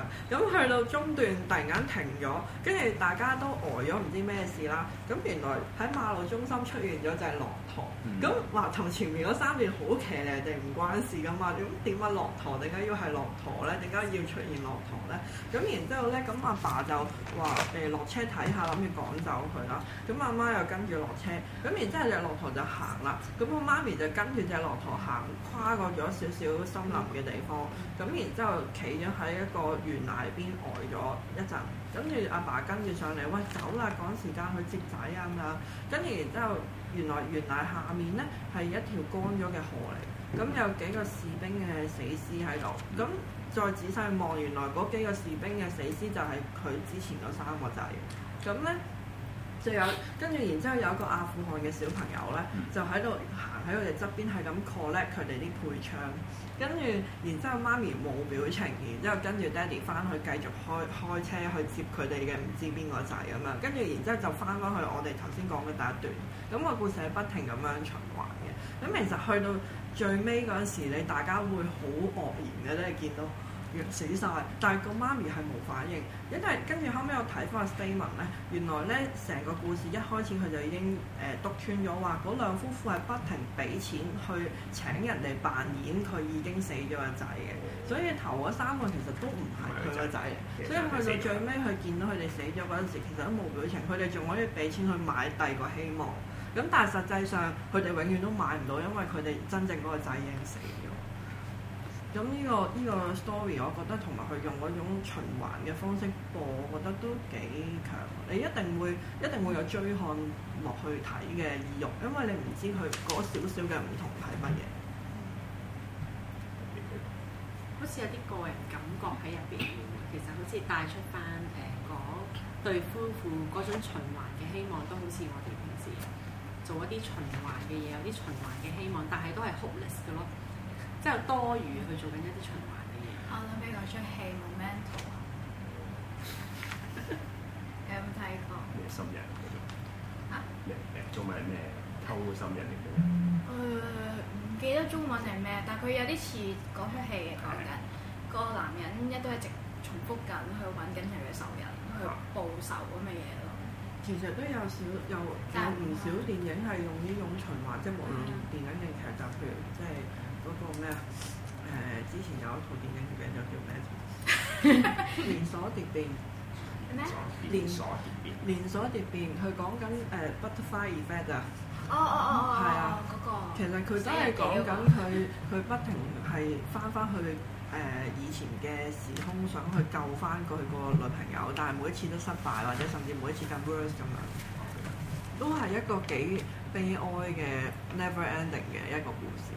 咁去到中段突然間停咗，跟住大家都呆咗唔知咩事啦。咁原來喺馬路中心出現咗隻駱駝。咁話同前面嗰三段好騎呢定唔關事噶嘛？咁點解駱駝點解要係駱駝咧？點解要出現駱駝咧？咁然之後咧，咁阿爸就話誒落車睇下，諗住趕走佢啦。咁阿媽又跟住落車。咁然之後隻駱駝就行啦。咁我媽咪就跟住隻駱駝行，駱駝行駱駝，跨過咗少少森林，林。嘅地方咁，然之後企咗喺一個懸崖邊呆咗一陣，跟住阿爸跟住上嚟，喂，走啦，趕時間去接仔咁啦。跟住然之後，原來懸崖下面呢係一條乾咗嘅河嚟，咁有幾個士兵嘅死屍喺度。咁再仔細望，原來嗰幾個士兵嘅死屍就係佢之前嗰三個仔。咁呢，就有跟住，然之後有個阿富汗嘅小朋友呢，就喺度行喺佢哋側邊，係咁 collect 佢哋啲配槍。跟住，然之後媽咪冇表情，然之後跟住爹哋翻去繼續開開車去接佢哋嘅唔知邊個仔咁樣，跟住然之後就翻返去我哋頭先講嘅第一段。咁個故事係不停咁樣循環嘅。咁其實去到最尾嗰陣時，你大家會好愕然，嘅，你見到死晒，但係個媽咪係冇反應。因為一但跟住後尾我睇翻個 statement 咧，原來咧，成個故事一開始佢就已經誒篤穿咗話，嗰、呃、兩夫婦係不停俾錢去請人哋扮演佢已經死咗個仔嘅。所以頭嗰三個其實都唔係佢個仔，所以去到最尾，佢見到佢哋死咗嗰陣時，其實都冇表情，佢哋仲可以俾錢去買第二個希望。咁但係實際上佢哋永遠都買唔到，因為佢哋真正嗰個仔已經死。咁呢個呢個 story，我覺得同埋佢用嗰種循環嘅方式播，我覺得都幾強。你一定會一定會有追看落去睇嘅意欲，因為你唔知佢嗰少少嘅唔同係乜嘢。好似有啲個人感覺喺入邊，其實好似帶出翻誒嗰對夫婦嗰種循環嘅希望，都好似我哋平時做一啲循環嘅嘢，有啲循環嘅希望，但係都係 hopeless 嘅咯。比較多餘去做緊一啲循環嘅嘢。Oh, 我諗起嗰出戲《Memento 有冇睇過？仇人嗰種。啊！咩咩咩？偷心仇人嚟嘅。誒唔、嗯、記得中文係咩？但係佢有啲似嗰出戲嘅講緊，個的男人一都一直重複緊去揾緊佢嘅仇人的去報仇咁嘅嘢咯。其實都有少有有唔少電影係用呢種循環，嗯、即係無論電影定劇，劇集，譬如即係。嗰個咩啊？誒、呃，之前有一套電影出緊，有名叫咩？連 *laughs* 連鎖蝶咩？ *laughs* 連鎖蝶變，連鎖蝶變。佢講緊誒 Butterfly Effect 啊。哦哦哦係啊，個。其實佢真係講緊佢佢不停係翻翻去誒、uh, 以前嘅時空，想去救翻佢個女朋友，但係每一次都失敗，或者甚至每一次更 worse 咁樣。都係一個幾悲哀嘅 never ending 嘅一個故事。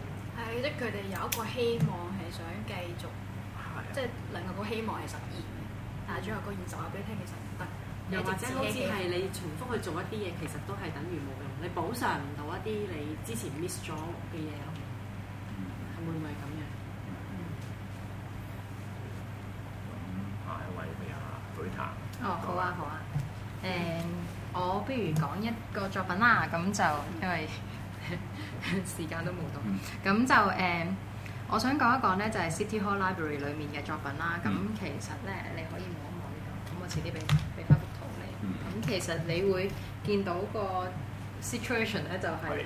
係即係佢哋有一個希望係想繼續，即係另外個希望係實現嘅，但係最後個現實話俾你聽，其實唔得。又或者好似係你重複去做一啲嘢，其實都係等於冇用，你補償唔到一啲你之前 miss 咗嘅嘢咯。係會唔會咁樣？咁下一位係阿許騰。哦，好啊，好啊。誒，我不如講一個作品啦，咁就因為。 *laughs* 時間都冇到，咁、嗯、就誒，uh, 我想講一講咧，就係、是、City Hall Library 裡面嘅作品啦。咁、嗯、其實咧，你可以望一望呢個，咁我遲啲俾俾翻幅圖你。咁、嗯、其實你會見到個 situation 咧，就係、是、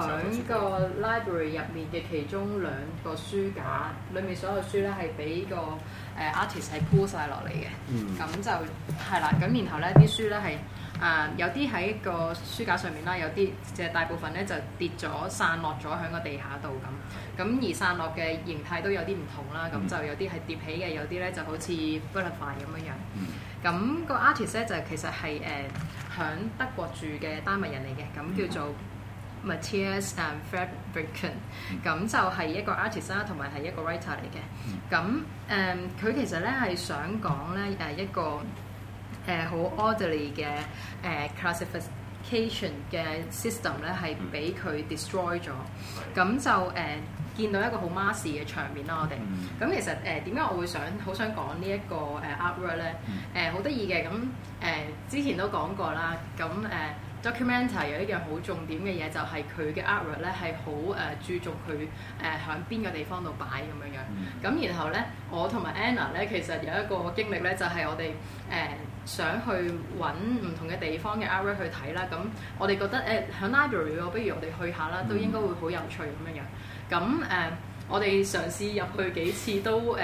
喺、嗯、個 library 入面嘅其中兩個書架，裡面所有書咧係俾個誒 artist 係鋪晒落嚟嘅。咁、呃嗯、就係啦，咁然後咧啲書咧係。啊，uh, 有啲喺個書架上面啦，有啲即係大部分咧就跌咗散落咗喺個地下度咁。咁而散落嘅形態都有啲唔同啦，咁就有啲係疊起嘅，有啲咧就好似 f u l l i n e 咁樣樣。咁、個 artist 咧就其實係誒喺德國住嘅丹麥人嚟嘅，咁叫做 Matias Faldbakken。咁就係一個 artist 啦，同埋係一個 writer 嚟嘅。咁誒佢其實咧係想講咧誒一個。誒好、呃、orderly 嘅誒、呃、classification 嘅 system 咧，係俾佢 destroy 咗。咁、嗯、就誒、呃、見到一個好 mass 嘅場面啦。我哋咁、嗯、其實誒點解我會想好想講呢一個誒 artwork 咧？誒好得意嘅咁誒，之前都講過啦。咁誒、呃、Documenta 有一樣好重點嘅嘢，就係、是、佢嘅 artwork 咧係好誒、呃、注重佢誒喺邊個地方度擺咁樣樣。咁、嗯嗯、然後咧，我同埋 Anna 咧，其實有一個經歷咧，就係、是、我哋誒。呃呃想去揾唔同嘅地方嘅 area 去睇啦，咁我哋覺得誒喺、呃、library，我、哦、不如我哋去下啦，都應該會好有趣咁樣、嗯、樣，咁、呃、誒我哋嘗試入去幾次都誒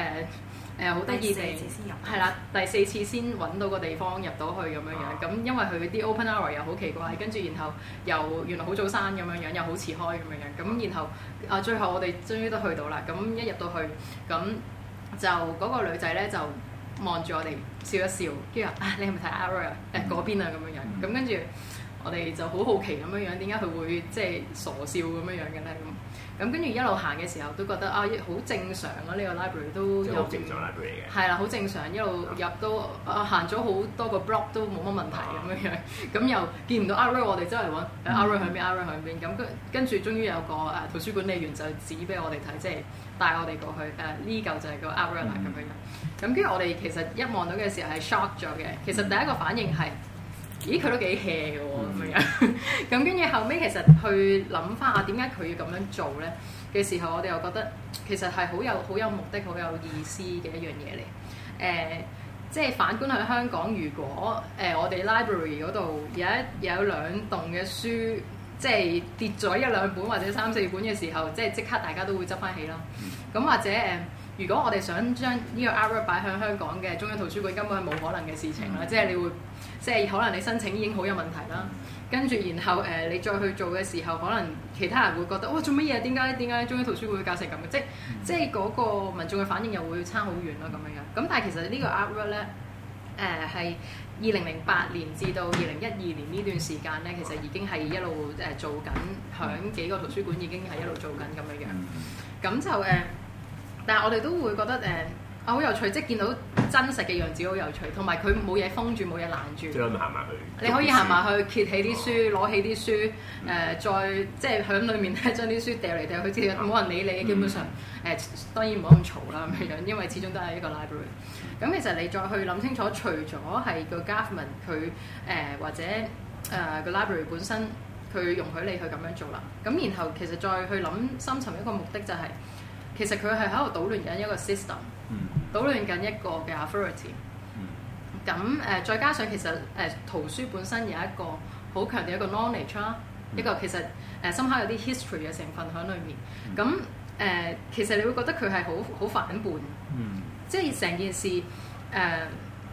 誒好得意嘅，係、呃呃、啦，第四次先揾到個地方入到去咁樣樣，咁因為佢啲 open hour 又好奇怪，跟住然後又原來好早閂咁樣樣又好遲開咁樣樣，咁然後啊，最後我哋終於都去到啦。咁一入到去，咁就嗰個女仔咧就望住我哋笑一笑，跟住啊，你係咪睇 Arrow 啊？誒，嗰邊啊，咁樣樣，咁跟住我哋就好好奇咁樣樣，點解佢會即係傻笑咁樣樣嘅咧？咁咁跟住一路行嘅時候，都覺得啊，好正常啊，呢個 library 都有正常 library 嘅，係啦，好正常，一路入都啊，行咗好多個 block 都冇乜問題咁樣樣，咁又見唔到 Arrow，我哋周圍揾 Arrow 響邊？Arrow 響邊？咁跟跟住，終於有個誒圖書管理員就指俾我哋睇，即係。帶我哋過去，誒呢嚿就係個阿瑞娜咁樣樣，咁跟住我哋其實一望到嘅時候係 shock 咗嘅。其實第一個反應係，咦佢都幾 hea 嘅喎咁樣。咁跟住後尾，其實去諗翻啊，點解佢要咁樣做咧？嘅時候我哋又覺得其實係好有好有目的、好有意思嘅一樣嘢嚟。誒、呃，即係反觀喺香港，如果誒、呃、我哋 library 嗰度有一有兩棟嘅書。即係跌咗一兩本或者三四本嘅時候，即係即刻大家都會執翻起咯。咁或者誒、呃，如果我哋想將呢個 artwork 擺向香港嘅中央圖書館，根本係冇可能嘅事情啦。嗯、即係你會，即係可能你申請已經好有問題啦。跟住然後誒、呃，你再去做嘅時候，可能其他人會覺得哇做乜嘢啊？點解點解中央圖書館會搞成咁嘅？即係即係嗰個民眾嘅反應又會差好遠啦咁樣嘅。咁但係其實個呢個 artwork 咧，誒、呃、係。二零零八年至到二零一二年呢段時間呢，其實已經係一路誒、呃、做緊響幾個圖書館，已經係一路做緊咁樣樣。咁就誒，但係我哋都會覺得誒，呃好有趣，即係見到真實嘅樣子，好有趣。同埋佢冇嘢封住，冇嘢攔住。行埋去。你可以行埋去揭起啲書，攞、哦、起啲書，誒、嗯呃，再即係響裡面咧，將啲書掉嚟掉去，即冇人理你。嗯、基本上，誒、呃，當然冇咁嘈啦咁樣樣，因為始終都係一個 library。咁其實你再去諗清楚，除咗係個 government 佢誒或者誒個 library 本身佢容許你去咁樣做啦。咁然後其實再去諗深層一個目的就係、是，其實佢係喺度搗亂緊一個 system。嗯，搗亂緊一個嘅 authority。嗯。咁誒、呃，再加上其實誒、呃、圖書本身有一個好強調一個 knowledge 啦、嗯，一個其實誒、呃、深刻有啲 history 嘅成分喺裡面。咁誒、嗯呃，其實你會覺得佢係好好反叛。嗯。即係成件事誒、呃，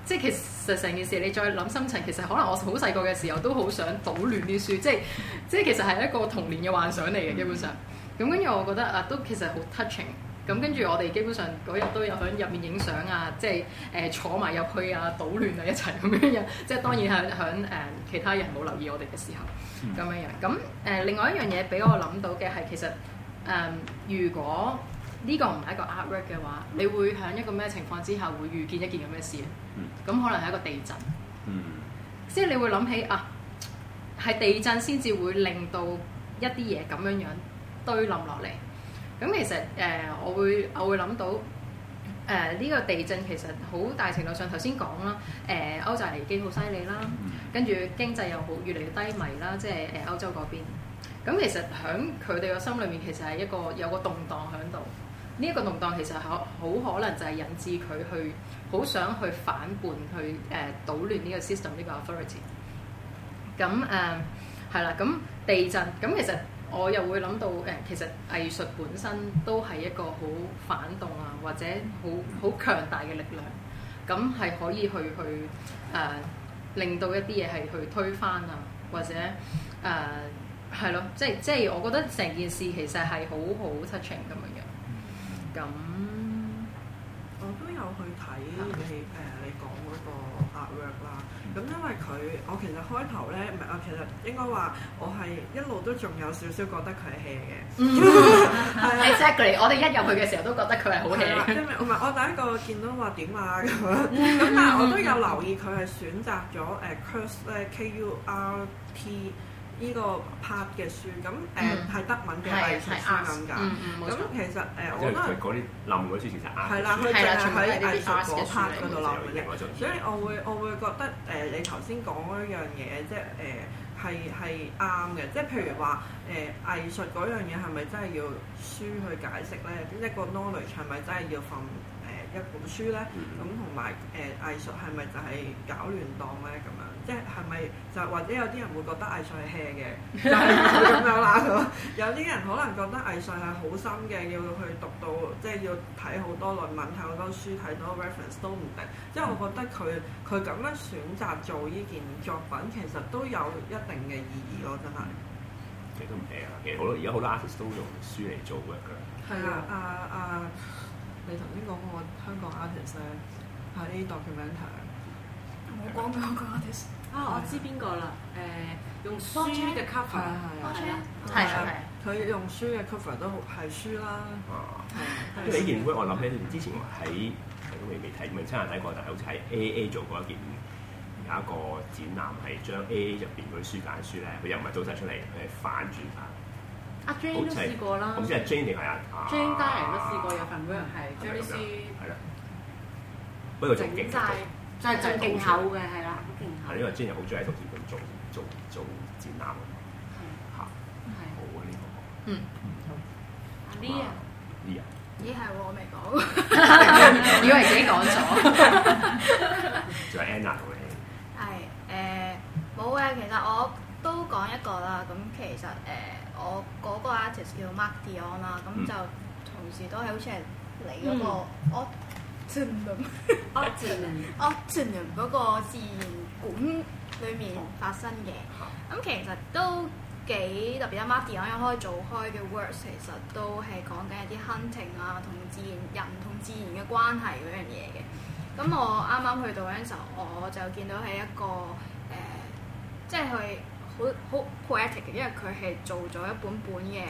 即係其實成件事你再諗深層，其實可能我好細個嘅時候都好想搗亂啲書，即係即係其實係一個童年嘅幻想嚟嘅基本上。咁跟住我覺得啊，都其實好 touching。咁跟住，我哋基本上嗰日都有喺入面影相啊，即係誒、呃、坐埋入去啊，搗亂啊一齊咁樣樣， *laughs* 即係當然係喺誒其他人冇留意我哋嘅時候咁樣、嗯、樣。咁誒、呃、另外一樣嘢俾我諗到嘅係，其實誒、呃、如果呢個唔係一個 artwork 嘅話，你會喺一個咩情況之下會遇見一件咁嘅事啊？咁、嗯、可能係一個地震，嗯、即係你會諗起啊，係地震先至會令到一啲嘢咁樣樣堆冧落嚟。咁其實誒、uh，我會我會諗到誒呢、uh, 個地震其實好大程度上頭先講啦，誒、uh, 歐債危機好犀利啦，跟住經濟又好越嚟越低迷啦，即係誒、uh, 歐洲嗰邊。咁其實喺佢哋個心裏面，其實係一個有個動盪喺度。呢一個動盪、這個、其實好好可能就係引致佢去好想去反叛，去誒搗亂呢個 system，呢個 authority。咁誒係啦，咁、uh, 嗯、地震咁、嗯、其實。我又會諗到誒、呃，其實藝術本身都係一個好反動啊，或者好好強大嘅力量，咁係可以去去誒、呃、令到一啲嘢係去推翻啊，或者誒係咯，即係即係我覺得成件事其實係好好 touching 咁樣嘅。咁我都有去睇你咁因為佢，我其實開頭咧，唔係啊，我其實應該話我係一路都仲有少少覺得佢係 hea 嘅。係、嗯、 *laughs* *laughs* 啊，exactly。 *laughs* *laughs* 哎、Lee, 我哋一入去嘅時候都覺得佢係好 hea 啦吧。唔係， *laughs* 我第一個見到話點啊咁，咁、 *laughs* *laughs* 嗯、 *laughs* *laughs* 但係我都有留意佢係選擇咗誒 curt 咧，K U R T。P 依個 part 嘅書，咁誒係德文嘅藝術書緊㗎。咁其實誒我覺得嗰啲冧嗰啲書其實啱。係啦，佢就係喺藝術嗰 part 度冧嘅。所以我會我會覺得誒你頭先講嗰樣嘢，即係誒係係啱嘅。即係譬如話誒藝術樣嘢係咪真係要書去解釋咧？一個 knowledge 係咪真係要放誒一本書咧？咁同埋誒藝術係咪就係搞亂檔咧咁樣。即係咪就或者有啲人會覺得藝術 hea 嘅， *laughs* 就係咁樣啦。 *laughs* 有啲人可能覺得藝術係好深嘅，要去讀到即係、就是、要睇好多論文，睇好多書，睇多 reference 都唔定。即係我覺得佢佢咁樣選擇做呢件作品，其實都有一定嘅意義咯，我真係。其實都唔 hea 啦，其實好咯。而家好多 artist 都用書嚟做嘅，佢、啊。係、啊、啦，阿、啊、你頭先講個香港 artist 係、啊、Documenta 我講 artist。我知邊個啦？誒，用書嘅 cover，係啊，係啊，係啊，係。佢用書嘅 cover 都好係書啦。哦，因為呢件 work 我諗起之前喺都未未睇，未係親眼睇過，但係好似喺 A A 做過一件有一個展覽，係將 A A 入邊嗰啲書架嘅書咧，佢又唔係倒晒出嚟，佢係反轉翻。阿 Jane 都試過啦。咁即係 Jane 定係阿 Jane 家人都試過有份 work 係將啲書係啦。不過最勁，即係最勁口嘅係啦。係因為專業好中意喺度做咁做做做展覽啊，嚇，好啊呢個，嗯嗯好，啊啲啊啲啊，咦，係喎，我未講，以為自己講咗，仲有 Anna 同你，係誒，冇嘅，其實我都講一個啦，咁其實誒我嗰個 artist 叫 Mark Dion 啦，咁就同時都係好似係你嗰個 Ottman，Ottman，Ottman 嗰個自然。館裡面發生嘅，咁、嗯、其實都幾特別。阿媽，電我一開做開嘅 works，其實都係講緊一啲 hunting 啊，同自然人同自然嘅關係嗰樣嘢嘅。咁我啱啱去到嗰陣時候，我就見到係一個誒、呃，即係佢好好 poetic，嘅，因為佢係做咗一本本嘅，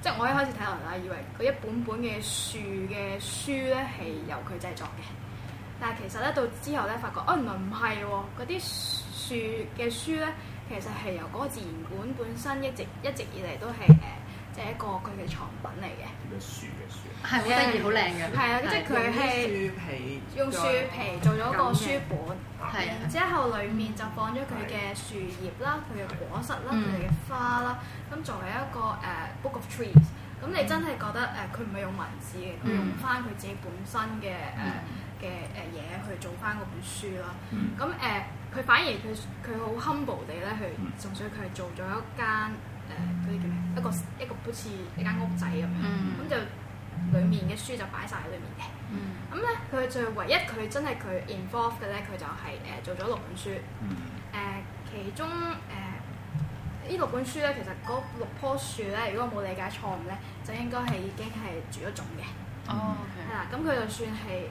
即係我一開始睇落啦，以為佢一本本嘅樹嘅書咧係由佢製作嘅。但係其實咧，到之後咧，發覺哦，唔係唔係喎，嗰啲樹嘅書咧，其實係由嗰個自然館本身一直一直以嚟都係誒，即係一個佢嘅藏品嚟嘅。樹嘅書係好得意，好靚嘅。係啊，即係佢係用樹皮做咗個書本，之後裡面就放咗佢嘅樹葉啦、佢嘅果實啦、佢嘅花啦。咁作為一個誒《Book of Trees》，咁你真係覺得誒佢唔係用文字嘅，佢用翻佢自己本身嘅誒。嘅誒嘢去做翻嗰本書咯，咁誒佢反而佢佢好 humble 地咧去，純粹佢係做咗一間誒嗰啲叫咩，一個一個好似一間屋仔咁樣，咁就裡面嘅書就擺晒喺裡面嘅，咁咧佢就唯一佢真係佢 involved 嘅咧，佢就係誒做咗六本書，誒其中誒呢六本書咧，其實嗰六棵樹咧，如果我冇理解錯誤咧，就應該係已經係住咗種嘅，係啦，咁佢就算係。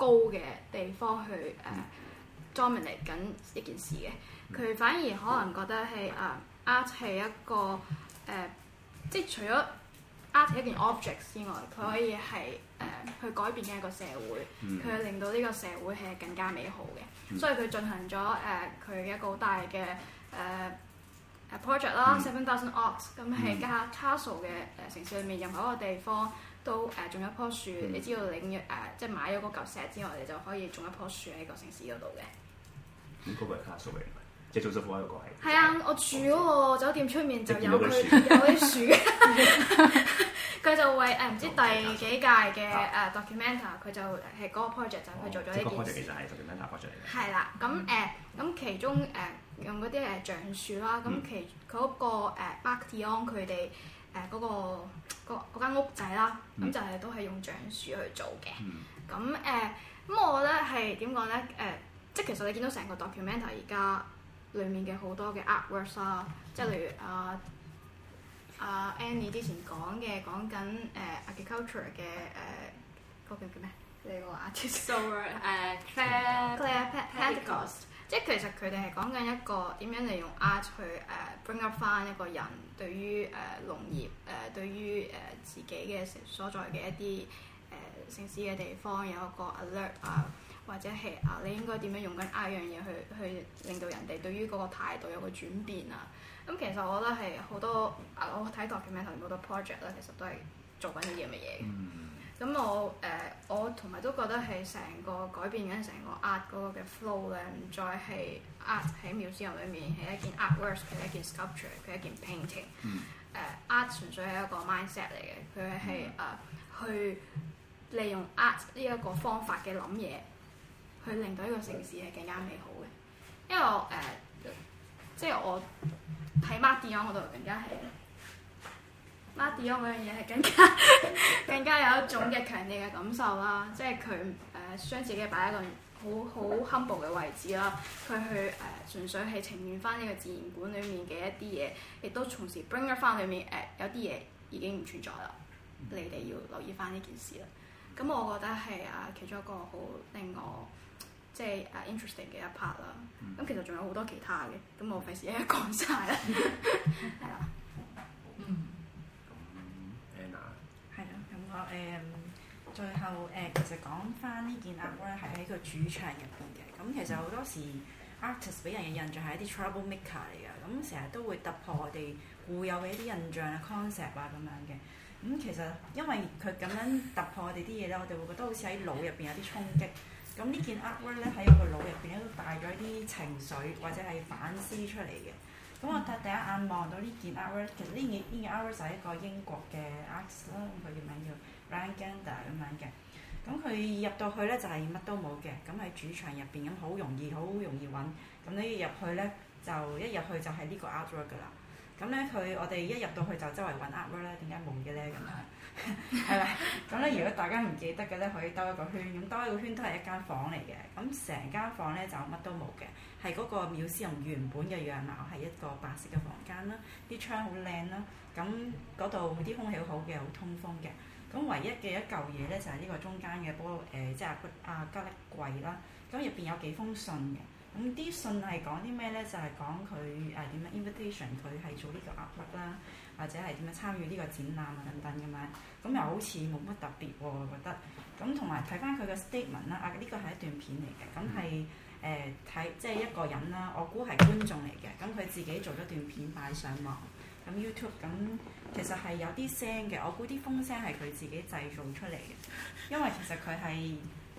高嘅地方去誒誒 dominate 緊一件事嘅，佢反而可能覺得係誒、uh, art 係一個誒、uh, 即係除咗 art 一件 objects 之外，佢可以係誒、uh, 去改變一個社會，佢、mm hmm. 令到呢個社會係更加美好嘅。Mm hmm. 所以佢進行咗誒佢嘅一個大嘅誒誒 project 啦，seven thousand oaks 咁係加 Kassel 嘅誒城市裏面任何一個地方。都誒種一棵樹，你知道領誒即係買咗嗰嚿石之外，你就可以種一棵樹喺個城市嗰度嘅。即係做執喺度個嚟？係啊，我住嗰個酒店出面就有佢有啲樹。佢就為誒唔知第幾屆嘅誒 documentary，佢就係嗰個 project 就去做咗呢件 project，其實係 documentary project 嚟嘅。係啦，咁誒咁其中誒用嗰啲係橡樹啦，咁其佢嗰個誒 Mark Dion 佢哋。誒嗰個間屋仔啦，咁就係都係用橡樹去做嘅。咁誒，咁我覺得係點講咧？誒，即係其實你見到成個 Documenta 而家裡面嘅好多嘅 artworks 啦，即係例如啊阿 Annie 之前講嘅，講緊誒 agriculture 嘅誒嗰個叫咩？你個 artist，誒 fair，佢哋叫咩？即係其實佢哋係講緊一個點樣嚟用 art 去誒 bring up 翻一個人對於誒農業誒對於誒自己嘅所所在嘅一啲誒城市嘅地方有一個 alert 啊，或者係啊，你應該點樣用緊 art 樣嘢去去令到人哋對於嗰個態度有個轉變啊？咁、嗯、其實我覺得係好多啊，我睇 Documenta 同埋嗰 project 咧，其實都係做緊呢啲咁嘅嘢。嘅、嗯。咁我誒、呃、我同埋都覺得係成個改變緊成個 art 嗰個嘅 flow 咧，唔再係 art 喺廟市入面係一件 artwork，s 佢係一件 sculpture，佢係一件 painting，嗯。誒、呃、art 純粹係一個 mindset 嚟嘅，佢係誒去利用 art 呢一個方法嘅諗嘢，去令到一個城市係更加美好嘅。因為我誒、呃、即係我睇 Martin，我就更加係。a d i 嗰樣嘢係更加 *laughs* 更加有一種嘅強烈嘅感受啦，即係佢誒將自己擺喺一個好好 humble 嘅位置啦，佢去誒、呃、純粹係呈現翻呢個自然館裏面嘅一啲嘢，亦都從時 bring 翻翻裏面誒、呃、有啲嘢已經唔存在啦，你哋要留意翻呢件事啦。咁我覺得係啊、呃、其中一個好令我即係啊、uh, interesting 嘅一 part 啦。咁其實仲有好多其他嘅，咁冇費事一一講晒。啦，係 *laughs* 啦、啊。誒、oh, um, 最後誒、uh，其實講翻呢件 work 咧，係喺個主場入邊嘅。咁其實好多時、mm hmm. artist 俾人嘅印象係一啲 trouble maker 嚟嘅。咁成日都會突破我哋固有嘅一啲印象啊 concept 啊咁樣嘅。咁、嗯、其實因為佢咁樣突破我哋啲嘢咧，我哋會覺得好似喺腦入邊有啲衝擊。咁呢件 work 咧喺我個腦入邊咧都帶咗一啲情緒或者係反思出嚟嘅。咁我睇第一眼望到呢件 artwork 其實呢件呢件 artwork 就係一個英國嘅 artist 咯，佢叫名叫 Ryan Gander 咁樣嘅。咁佢入到去咧就係乜都冇嘅，咁喺主場入邊，咁好容易好容易揾。咁你要入去咧，就一入去就係呢個 artwork 噶啦。咁咧佢我哋一入到去就周圍揾 up 咧，點解冇嘅咧咁樣？係 *laughs* 咪？咁咧如果大家唔記得嘅咧，可以兜一個圈。咁兜一個圈都係一間房嚟嘅。咁成間房咧就乜都冇嘅，係嗰個妙思妍原本嘅樣貌，係一個白色嘅房間啦。啲窗好靚啦，咁嗰度啲空氣好嘅，好通風嘅。咁唯一嘅一嚿嘢咧就係、是、呢個中間嘅玻璃即係阿阿加力櫃啦。咁入邊有幾封信嘅。咁啲信係講啲咩咧？就係講佢誒點樣 invitation，佢係做呢個 up 啦，或者係點樣參與呢個展覽啊等等咁樣。咁又好似冇乜特別喎、啊，我覺得。咁同埋睇翻佢嘅 statement 啦，啊呢、這個係一段片嚟嘅，咁係誒睇即係一個人啦，我估係觀眾嚟嘅。咁佢自己做咗段片擺上網，咁 YouTube 咁其實係有啲聲嘅，我估啲風聲係佢自己製造出嚟嘅，因為其實佢係。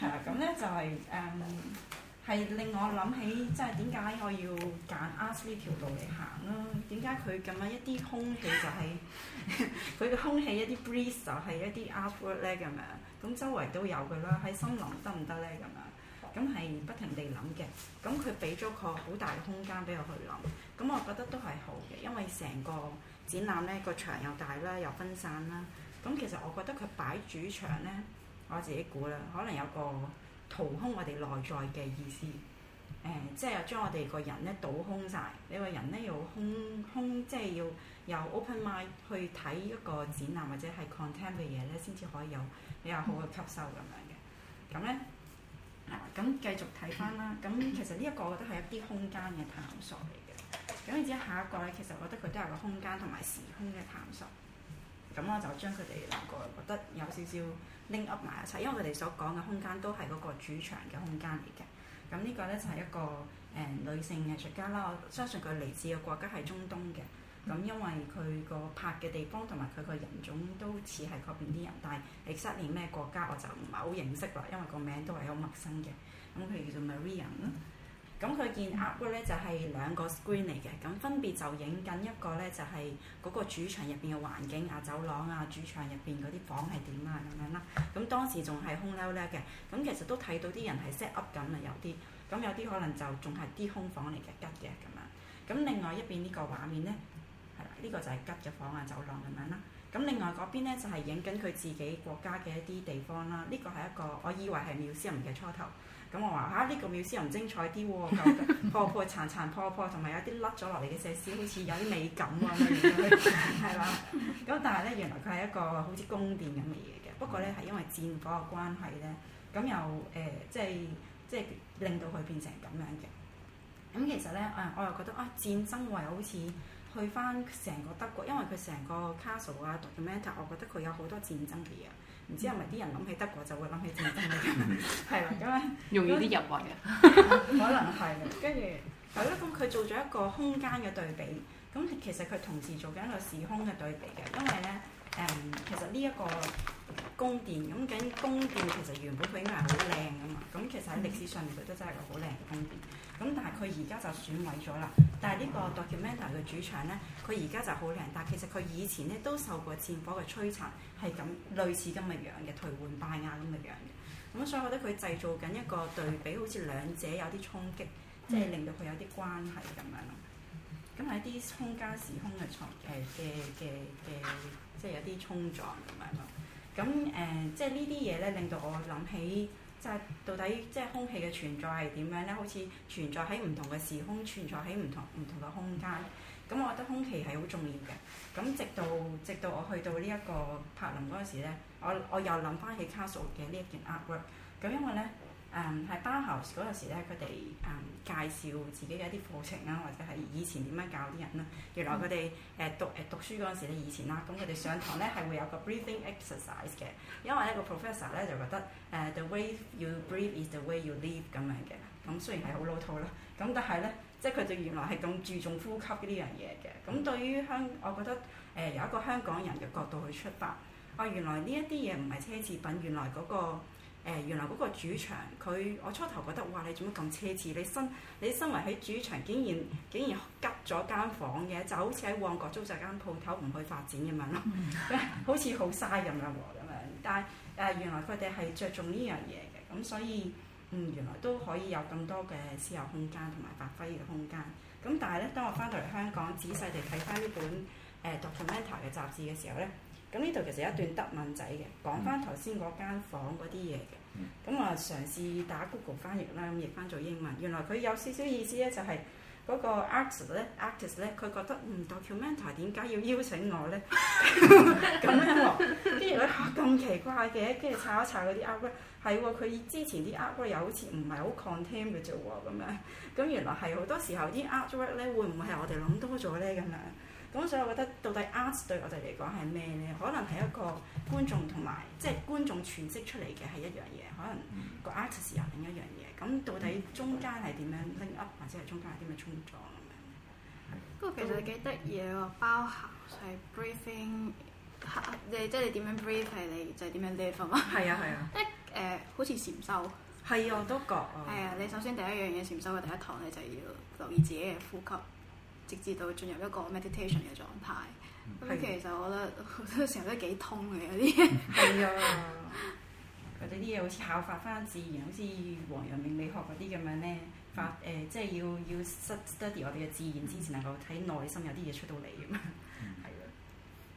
咁咧就係誒，係、 *laughs* 嗯、令我諗起，即係點解我要揀 art 呢條路嚟行啦？點解佢咁樣一啲空氣就係佢嘅空氣一啲 breeze 就係一啲 art 咧咁樣？咁周圍都有嘅啦，喺森林得唔得咧咁樣？咁係不停地諗嘅，咁佢俾咗個好大嘅空間俾我去諗，咁我覺得都係好嘅，因為成個展覽咧個場又大啦，又分散啦，咁其實我覺得佢擺主場咧。我自己估啦，可能有個掏空我哋內在嘅意思，誒、呃，即係將我哋個人咧堵空晒。你個人咧要空空，即係要由 open mind 去睇一個展覽或者係 c o n t e n t 嘅嘢咧，先至可以有比較好嘅吸收咁樣嘅。咁咧，咁、啊、繼、嗯、續睇翻啦。咁、嗯、其實呢一個我覺得係一啲空間嘅探索嚟嘅。咁然之下一個咧，其實我覺得佢都有個空間同埋時空嘅探索。咁我就將佢哋兩個覺得有少少拎 Up 埋一齊，因為佢哋所講嘅空間都係嗰個主場嘅空間嚟嘅。咁呢個咧就係一個誒、呃、女性藝術家啦，我相信佢嚟自嘅國家係中東嘅。咁因為佢個拍嘅地方同埋佢個人種都似係嗰邊啲人，但係 exactly 咩國家我就唔係好認識啦，因為個名都係好陌生嘅。咁佢叫做 Marian 咁佢見 Up 咧就係兩個 screen 嚟嘅，咁分別就影緊一個咧就係嗰個主場入邊嘅環境啊，走廊啊，主場入邊嗰啲房係點啊咁樣啦。咁當時仲係空溜溜嘅，咁其實都睇到啲人係 set up 緊啊，有啲，咁有啲可能就仲係啲空房嚟嘅吉嘅咁樣。咁另外一邊呢個畫面咧，係啦，呢個就係吉嘅房啊走廊咁樣啦。咁另外嗰邊咧就係影緊佢自己國家嘅一啲地方啦。呢個係一個我以為係妙思人嘅初頭。咁、嗯、我話嚇呢個廟思又唔精彩啲喎，破破殘殘破破，同埋有啲甩咗落嚟嘅石屎，好似有啲美感喎、啊，係嘛？咁、嗯、但係咧，原來佢係一個好似宮殿咁嘅嘢嘅，不過咧係因為戰火嘅關係咧，咁又誒即係即係令到佢變成咁樣嘅。咁、嗯、其實咧，誒我又覺得啊，戰爭喎好似去翻成個德國，因為佢成個 castle 啊 dungeon *music* 我覺得佢有好多戰爭嘅嘢。唔知係咪啲人諗起德國就會諗起戰爭咧？ *laughs* *laughs* 係啦，咁樣容易啲入圍啊。可能係嘅。跟住係咯，咁佢做咗一個空間嘅對比。咁其實佢同時做緊一個時空嘅對比嘅，因為咧誒、嗯，其實呢一個宮殿咁緊，宮殿其實原本佢應該係好靚㗎嘛。咁其實喺歷史上面佢都真係個好靚嘅宮殿。咁但係佢而家就損毀咗啦。但係呢個 Documenta 嘅主場咧，佢而家就好靚。但係其實佢以前咧都受過戰火嘅摧殘，係咁類似咁嘅樣嘅，頹垣敗瓦咁嘅樣嘅。咁所以我覺得佢製造緊一個對比，好似兩者有啲衝擊，即係令到佢有啲關係咁、嗯、樣咯。咁係一啲空間、時空嘅錯誒嘅嘅嘅，即係有啲衝撞咁樣咯。咁誒、呃，即係呢啲嘢咧，令到我諗起。就係到底即係空氣嘅存在係點樣咧？好似存在喺唔同嘅時空，存在喺唔同唔同嘅空間。咁我覺得空氣係好重要嘅。咁直到直到我去到呢一個柏林嗰陣時咧，我我又諗翻起 Kassel 嘅呢一件 artwork。咁因為咧。誒喺 Bauhaus 嗰陣時咧，佢哋誒介紹自己嘅一啲課程啊，或者係以前點樣教啲人啦、啊。原來佢哋誒讀誒、uh, 讀書嗰陣時咧，以前啦、啊，咁佢哋上堂咧係會有個 breathing exercise 嘅。因為咧個 professor 咧就覺得誒、uh, the way you breathe is the way you live 咁樣嘅。咁雖然係好老套啦，咁但係咧，即係佢哋原來係咁注重呼吸呢樣嘢嘅。咁對於香，我覺得誒有、uh, 一個香港人嘅角度去出發。哦、oh,，原來呢一啲嘢唔係奢侈品，原來嗰、那個。誒、呃、原來嗰個主場佢，我初頭覺得哇！你做乜咁奢侈？你身你身為喺主場竟，竟然竟然拮咗間房嘅，就好似喺旺角租曬間鋪頭，唔去發展咁樣咯， *laughs* *laughs* 好似好嘥咁樣咁樣。但係誒、呃、原來佢哋係着重呢樣嘢嘅，咁所以嗯原來都可以有咁多嘅自由空間同埋發揮嘅空間。咁但係咧，當我翻到嚟香港，仔細地睇翻呢本 Documenta 嘅雜誌嘅時候咧。咁呢度其實有一段德文仔嘅，講翻頭先嗰間房嗰啲嘢嘅。咁我嘗試打 Google 翻譯啦，咁譯翻做英文。原來佢有少少意思咧，就係嗰個 artist 咧，artist 咧，佢覺得唔到 Documenta 點解要邀請我咧？咁 *laughs* *laughs* 樣喎，跟住佢咁奇怪嘅，跟住查一查嗰啲 artwork，係喎，佢之前啲 artwork 又好似唔係好 contempt 嘅啫喎，咁樣。咁原來係好多時候啲 artwork 咧，會唔會係我哋諗多咗咧咁樣？咁所以，我覺得到底 art 對我哋嚟講係咩咧？可能係一個觀眾同埋，即係觀眾詮釋出嚟嘅係一樣嘢，可能個 artist 又另一樣嘢。咁到底中間係點樣 link up，或者係中間有啲咩衝撞咁樣？不過、嗯、其實幾得意喎，包含係 breathing，你即係、就是、你點樣 breathe 係你就係、是、點樣 lift 嘛？係啊係啊，即係誒，好似禪修。係啊，我都覺啊。嗯、啊，你首先第一樣嘢禪修嘅第一堂，你就要留意自己嘅呼吸。直至到進入一個 meditation 嘅狀態，咁、嗯嗯、其實我覺得好多時都幾通嘅有啲。係啊，佢哋啲嘢好似考發翻自然，好似王陽明理學嗰啲咁樣咧，發誒、呃、即係要要 study 我哋嘅自然，先至能夠喺內心有啲嘢出到嚟咁。係啊，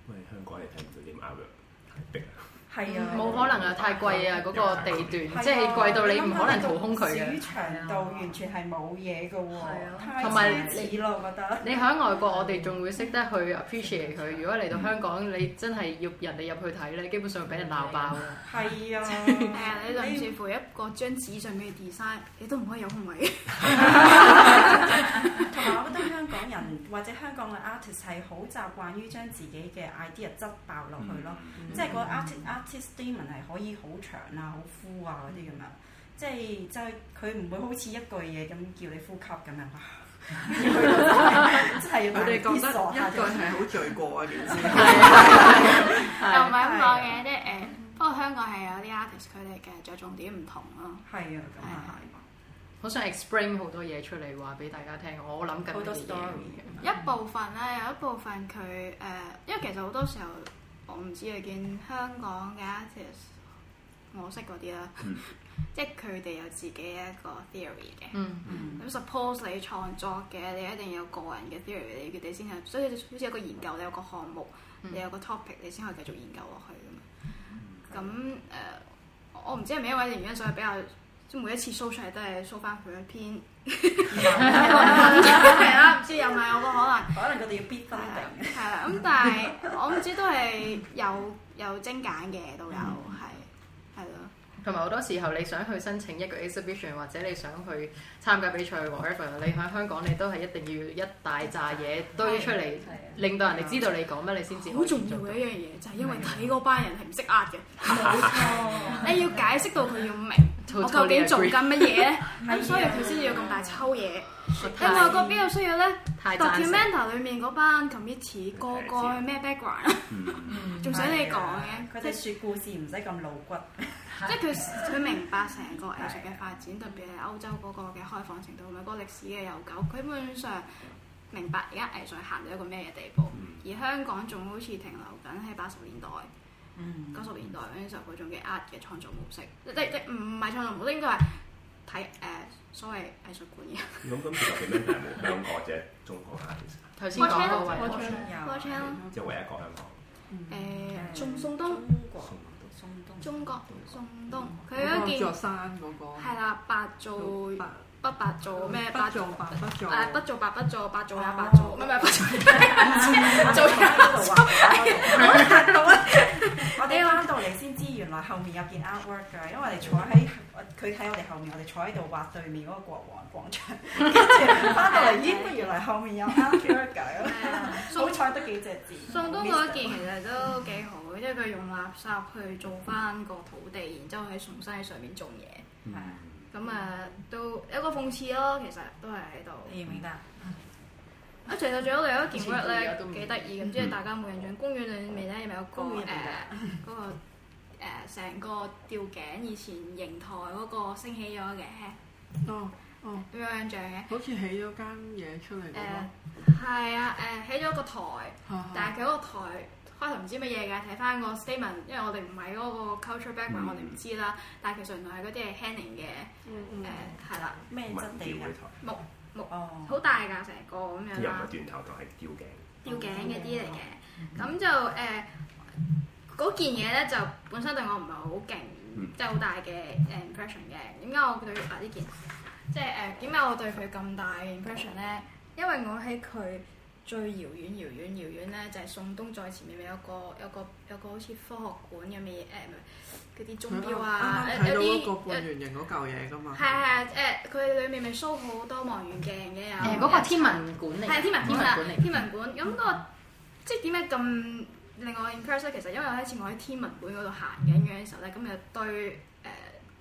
我哋香港係睇唔到啲啱樣，太逼啦。係啊，冇可能啊，太貴啊，嗰個地段，即係貴到你唔可能掏空佢啊！市場度完全係冇嘢嘅喎，太奢侈咯，我覺得。你喺外國，我哋仲會識得去 appreciate 佢；如果嚟到香港，你真係要人哋入去睇咧，基本上會俾人鬧爆㗎。係啊，誒，你甚至乎一個張紙上面嘅 design，你都唔可以有空位。同埋，我覺得香港人或者香港嘅 artist 係好習慣於將自己嘅 idea 質爆落去咯，即係個 artist Artist statement 係可以好長啊、好呼啊嗰啲咁啊，即係即係佢唔會好似一句嘢咁叫你呼吸咁樣。我哋覺得一句係好罪過啊，唔知。又唔係咁講嘅，即係誒，不過香港係有啲 artist 佢哋嘅，着重點唔同咯。係啊，咁啊，好想 explain 好多嘢出嚟話俾大家聽。我諗緊好多 story。一部分咧，有一部分佢誒，因為其實好多時候。我唔知你見香港嘅，artist 我識嗰啲啦，即係佢哋有自己一個 theory 嘅。咁、mm hmm. suppose 你創作嘅，你一定要有個人嘅 theory，你佢哋先係，所以好似有個研究，你有個項目，mm hmm. 你有個 topic，你先可以繼續研究落去。咁誒、mm hmm. 呃，我唔知係咪因為原因，所以比較，即係每一次 show 出嚟都係 show 翻佢一篇。係 *laughs* 好笑 *laughs* 啦，唔知又唔係有個可能， *laughs* 可能佢哋要必分定。係啦， *laughs* 咁但係我唔知都係有有精簡嘅都有係。同埋好多時候，你想去申請一個 exhibition，或者你想去參加比賽 w h 你喺香港你都係一定要一大扎嘢堆出嚟，令到人哋知道你講乜，你先至好重要嘅一樣嘢，就係因為睇嗰班人係唔識呃嘅，冇錯，你要解釋到佢要明我究竟做金乜嘢，咁所以佢先要咁大抽嘢。另外覺邊個需要咧？特別 mentor 裏面嗰班 committee 個個咩 background，仲想你講嘅？佢哋説故事唔使咁露骨。即係佢佢明白成個藝術嘅發展，特別係歐洲嗰個嘅開放程度同埋嗰個歷史嘅悠久，佢基本上明白而家藝術行到一個咩嘅地步。而香港仲好似停留緊喺八十年代、九十年代嗰陣時候嗰種嘅 art 嘅創造模式，即即唔係創造模式，應該係睇誒所謂藝術館嘅。咁咁其實點樣兩個啫？中國啊，其實頭先講即係唯一一個香港。誒、欸，宋宋東。中，中國宋冬，佢嗰件係啦，白做不白做咩？白做白不做，誒不做白不做，白做也白做，唔係唔係不做，做也白做。我哋翻到嚟先知，原來後面有件 outwork 㗎，因為我哋坐喺佢喺我哋後面，我哋坐喺度畫對面嗰個國王廣場。跟住翻到嚟，咦？原來後面有 outwork 㗎。好彩得幾隻字。宋東嗰件其實都幾好，因為佢用垃圾去做翻個土地，然之後喺重新喺上面種嘢，係啊。咁啊，都有個諷刺咯，其實都係喺度。你明唔明得啊？啊，成到最後有一件 work 咧，幾得意嘅，唔知你大家有冇印象？公園裏面咧，有冇公園誒嗰個誒成個吊頸以前刑台嗰個升起咗嘅。哦哦，有冇印象嘅？好似起咗間嘢出嚟咁咯。係啊，誒起咗個台，但係佢嗰個台。唔、啊、知乜嘢嘅，睇翻個 statement，因為我哋唔係嗰個 culture background，、嗯、我哋唔知啦。但其實原來係嗰啲係 hanging 嘅，誒係啦，咩、呃、質地木木好大㗎，成個咁樣啦。又係斷頭台，係吊頸。吊頸嗰啲嚟嘅，咁、嗯、就誒嗰、呃、件嘢咧，就本身對我唔係好勁，嗯、即係好大嘅 impression 嘅。點解我對啊呢件？即係誒點解我對佢咁大嘅 impression 咧？因為我喺佢。最遙遠遙遠遙遠咧，就係、是、宋東在前面，咪有個有個有個好似科學館咁嘅嘢，誒、呃、啲鐘錶啊，有有啲個半圓形嗰嚿嘢噶嘛。係係誒，佢裏、嗯呃、面咪 show 好多望遠鏡嘅有。誒嗰、呃那個天文館嚟。係天文館嚟。天文館咁嗰、那個啊、即係點解咁令我 impress 其實因為我有一次我喺天文館嗰度行緊嘅時候咧，咁、嗯嗯、有堆誒、呃、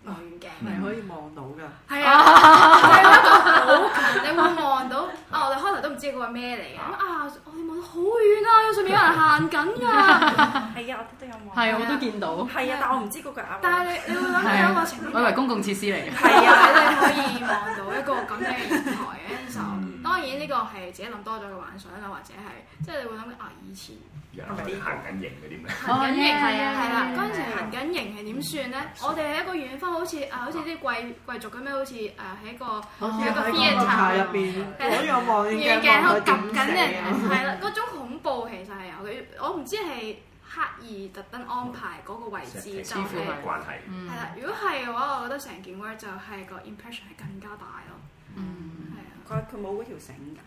望遠鏡。係、啊、可以望到㗎。係啊。好 *laughs* *laughs* 你會望到、oh, 啊！我哋開頭都唔知嗰個咩嚟嘅，咁啊，我哋望到好遠啊，有上面有人行緊㗎。係啊，我都有望。係，我都見 *laughs* 到。係 *laughs* 啊， *laughs* 但係我唔知嗰個。但係你，你會諗起一個 *laughs* 我以為公共設施嚟嘅。係啊，你哋可以望到一個咁嘅台嘅時候， *laughs* *laughs* 當然呢個係自己諗多咗嘅幻想啦，或者係即係你會諗啊，以前。行緊刑嗰啲咩？行緊刑？係啊，係啦，嗰陣時行緊刑係點算咧？我哋喺一個遠方，好似啊，好似啲貴貴族咁樣，好似誒喺個喺個地下入邊，所以我望遠鏡望到緊嘅係啦，嗰種恐怖其實係有嘅。我唔知係刻意特登安排嗰個位置就係，係啦。如果係嘅話，我覺得成件 work 就係個 impression 係更加大咯。嗯，係啊。佢佢冇嗰條繩㗎。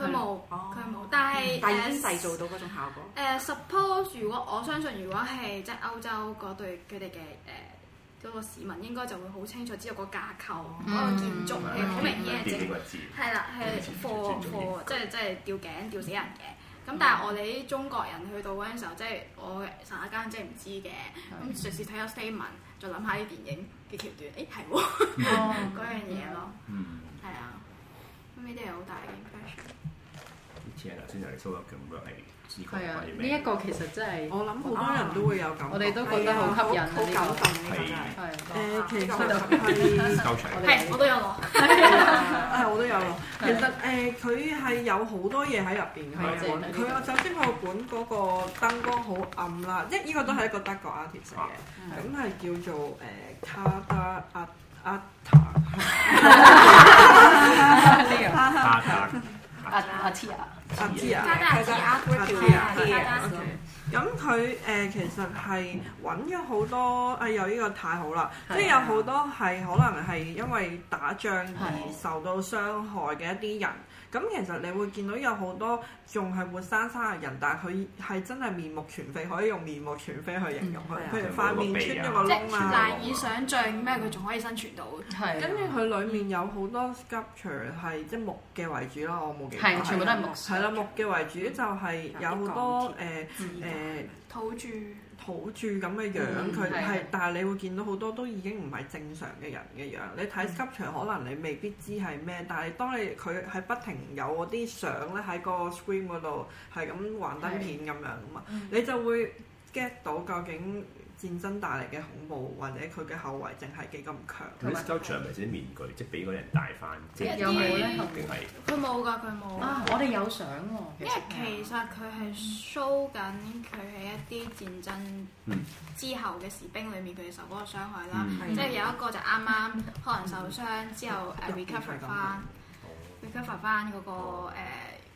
佢冇，佢冇，但係但已經製造到嗰種效果。誒，Suppose 如果我相信，如果係即係歐洲嗰對佢哋嘅誒嗰個市民，應該就會好清楚知道個架構、嗰個建築好明顯係整係啦，係貨貨，即係即係吊頸吊死人嘅。咁但係我哋啲中國人去到嗰陣時候，即係我霎間真係唔知嘅。咁隨時睇下 statement，再諗下啲電影嘅橋段，誒係喎嗰樣嘢咯，係啊，咁呢啲係好大嘅。係啊！呢一個其實真係我諗好多人都會有感覺，我哋都覺得好吸引啊！呢個真係誒，其實係我都有喎，係我都有喎。其實誒，佢係有好多嘢喺入邊㗎。佢首先佢個館嗰個燈光好暗啦，即呢個都係一個德國 artist 嘅，咁係叫做誒卡德阿塔。哈哈哈！阿芝啊，其實阿輝叫阿芝啊，咁佢誒其實係揾咗好多，啊又呢個太好啦， *laughs* 即係有好多係可能係因為打仗而 *laughs* *laughs* *laughs* 受到傷害嘅一啲人。咁其實你會見到有好多仲係活生生嘅人，但係佢係真係面目全非，可以用面目全非去形容佢。譬如塊面穿咗個窿啊，即難以想象咩佢仲可以生存到。跟住佢裡面有好多 sculpture 係即係木嘅為主啦，我冇記錯。係。全部都係木。係啦，木嘅為主就係有好多誒誒土著。好著咁嘅樣,樣，佢係，但係你會見到好多都已經唔係正常嘅人嘅樣。你睇急場可能你未必知係咩，但係當你佢喺不停有啲相咧喺個 screen 嗰度係咁幻燈片咁樣啊嘛，你就會 get 到究竟。戰爭帶嚟嘅恐怖，或者佢嘅後遺症係幾咁強？Rescuer 係咪著啲面具，即係俾嗰人戴翻？即係有冇咧？究竟係佢冇㗎，佢冇。啊！我哋有相喎。因為其實佢係 show 緊佢喺一啲戰爭之後嘅士兵裡面佢哋受嗰個傷害啦。即係有一個就啱啱可能受傷之後誒 recover 翻，recover 翻嗰個誒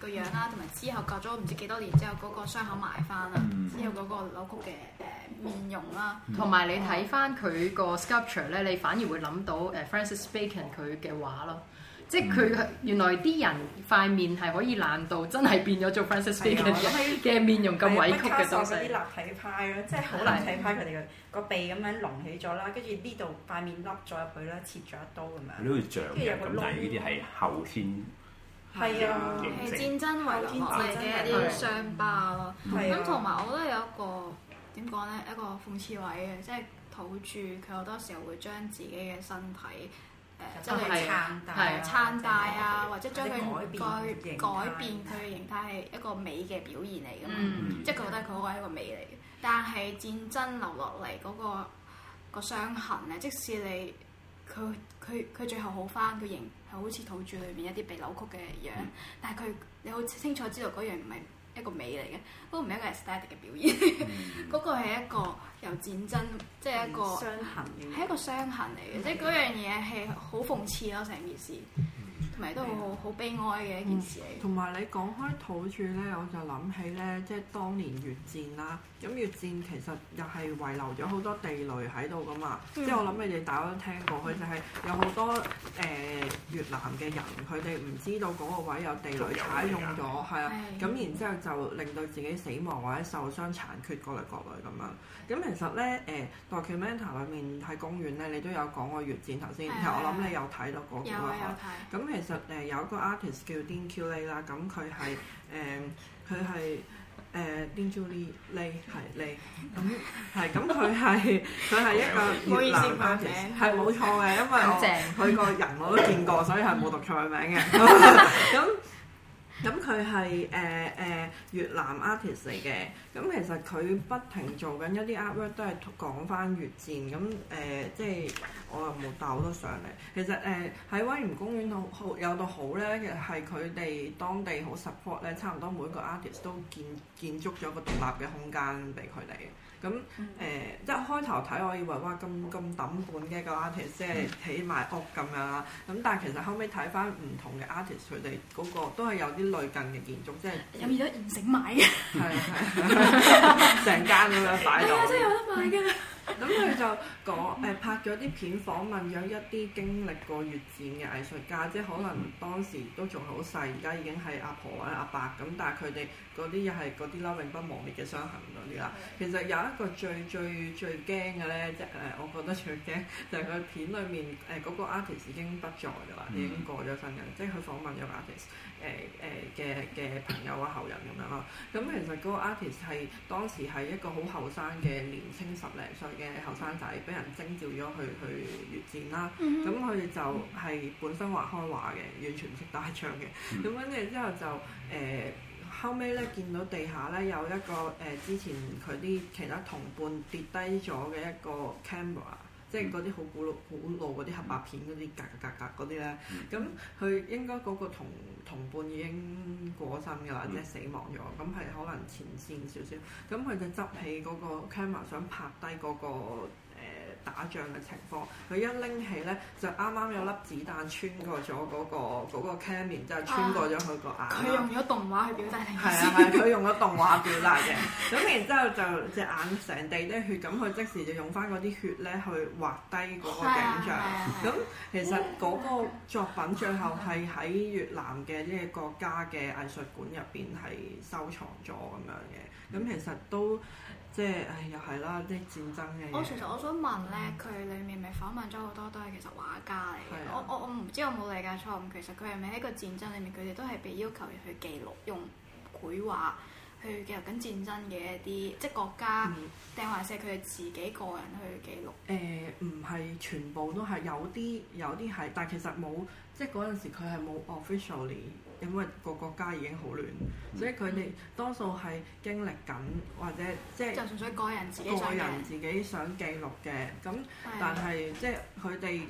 個樣啦、啊，同埋之後隔咗唔知幾多年之後，嗰個傷口埋翻啦，嗯、之後嗰個扭曲嘅誒面容啦、啊。同埋你睇翻佢個 sculpture 咧、嗯，你反而會諗到誒 Francis Bacon 佢嘅畫咯、嗯。嗯、即係佢原來啲人塊面係可以爛到真係變咗做 Francis Bacon 嘅面容咁委屈嘅時候。啲、嗯就是、立體派咯，即係立體派佢哋個個鼻咁樣隆起咗啦，跟住呢度塊面凹咗入去啦，切咗一刀咁樣。呢個像嘅，咁但係呢啲係後天。係啊，係戰爭遺留落嚟嘅一啲傷疤咯。咁同埋我覺得有一個點講咧，一個諷刺位嘅，即係土著佢好多時候會將自己嘅身體，誒、呃，即係係撐大啊，或者將佢改改變佢嘅形態係一個美嘅表現嚟㗎嘛。即係佢覺得佢嗰個係一個美嚟嘅，但係戰爭留落嚟嗰個、嗰個傷痕咧，即使你。佢佢佢最後好翻，佢形係好似土著裏面一啲被扭曲嘅樣，嗯、但係佢你好清楚知道嗰樣唔係一個美嚟嘅，嗰唔係一個係 steady 嘅表現，嗰、嗯、 *laughs* 個係一個由戰爭即係、就是、一個傷痕，嘅。係一個傷痕嚟嘅，嗯、即係嗰樣嘢係好諷刺咯成、嗯、件事。同埋都好好悲哀嘅一件事嚟。同埋你講開土著咧，我就諗起咧，即係當年越戰啦。咁越戰其實又係遺留咗好多地雷喺度噶嘛。即係我諗你哋大家都聽過，佢就係有好多誒越南嘅人，佢哋唔知道嗰個位有地雷，踩中咗，係啊。咁然之後就令到自己死亡或者受傷殘缺各類各類咁樣。咁其實咧誒 Documenta 裏面喺公園咧，你都有講過越戰頭先。其實我諗你有睇到嗰幾位咁其其實誒有個 artist 叫 Dinh Q. Lê 啦，咁佢係誒佢係誒 Dinh Q. Lê，係嚟，咁係咁佢係佢係一個唔好意思啊，係冇錯嘅， *laughs* 因為我佢個人我都見過，所以係冇讀錯名嘅。咁咁佢係誒誒越南 artist 嚟嘅，咁、嗯、其實佢不停做緊一啲 artwork 都係講翻越戰，咁、嗯、誒、呃、即係我又冇鬥得上嚟。其實誒喺、呃、威園公園好，好有到好咧，其實係佢哋當地好 support 咧，差唔多每一個 artist 都建建築咗個獨立嘅空間俾佢哋。咁誒一開頭睇，我以為哇，咁咁揼本嘅，個 artist 即係起埋屋咁樣啦，咁、嗯、但係其實後尾睇翻唔同嘅 artist，佢哋嗰個都係有啲類近嘅建築，即係有冇得現成買嘅？係啊，成間咁樣擺到、 *laughs* 哎，係真係有得買嘅。 *laughs* 咁佢就講誒、呃、拍咗啲片，訪問咗一啲經歷過越戰嘅藝術家，即係可能當時都仲好細，而家已經係阿婆或者阿伯咁，但係佢哋嗰啲又係嗰啲啦，永不磨滅嘅傷痕嗰啲啦。其實有一個最最最驚嘅咧，即係誒、呃，我覺得最驚就係、是、佢片裏面誒嗰、呃那個 artist 已經不在㗎啦，已經過咗身㗎，嗯、即係佢訪問咗 artist。誒誒嘅嘅朋友啊，後人咁樣咯。咁其實嗰個 artist 係當時係一個好後生嘅年青十零歲嘅後生仔，俾人徵召咗去去越戰啦。咁佢哋就係本身畫開畫嘅，完全唔識打仗嘅。咁跟住之後就誒、呃、後尾咧，見到地下咧有一個誒、呃、之前佢啲其他同伴跌低咗嘅一個 camera。即係嗰啲好古老、古老嗰啲黑白片嗰啲格格格嗰啲咧，咁佢、嗯、應該嗰個同同伴已經過咗身㗎啦，嗯、即係死亡咗，咁係可能前線少少，咁佢就執起嗰個 camera 想拍低嗰、嗰個。打仗嘅情況，佢一拎起咧就啱啱有粒子彈穿過咗嗰個嗰個 camera，即係穿過咗佢個眼佢、啊、用咗動畫去表達。係啊係，佢用咗動畫表達嘅。咁 *laughs* 然之後就隻眼成地咧血，咁佢即時就用翻嗰啲血咧去畫低嗰個景象。咁 *laughs* *laughs* 其實嗰個作品最後係喺越南嘅呢個國家嘅藝術館入邊係收藏咗咁樣嘅。咁其實都。即係，唉、哎，又係啦，啲戰爭嘅。我 *noise* 其實我想問咧，佢裡面咪訪問咗好多都係其實畫家嚟的。我我我唔知我冇理解錯誤，其實佢係咪喺個戰爭裡面，佢哋都係被要求去記錄，用繪畫去記錄緊戰爭嘅一啲，即係國家定、嗯、還是佢哋自己個人去記錄？誒、嗯，呃、唔係全部都係，有啲有啲係，但係其實冇，即係嗰陣時佢係冇 officially。因為個國家已經好亂，嗯、所以佢哋多數係經歷緊，或者即係就純粹個人自己個人自己想記錄嘅。咁的但係即係佢哋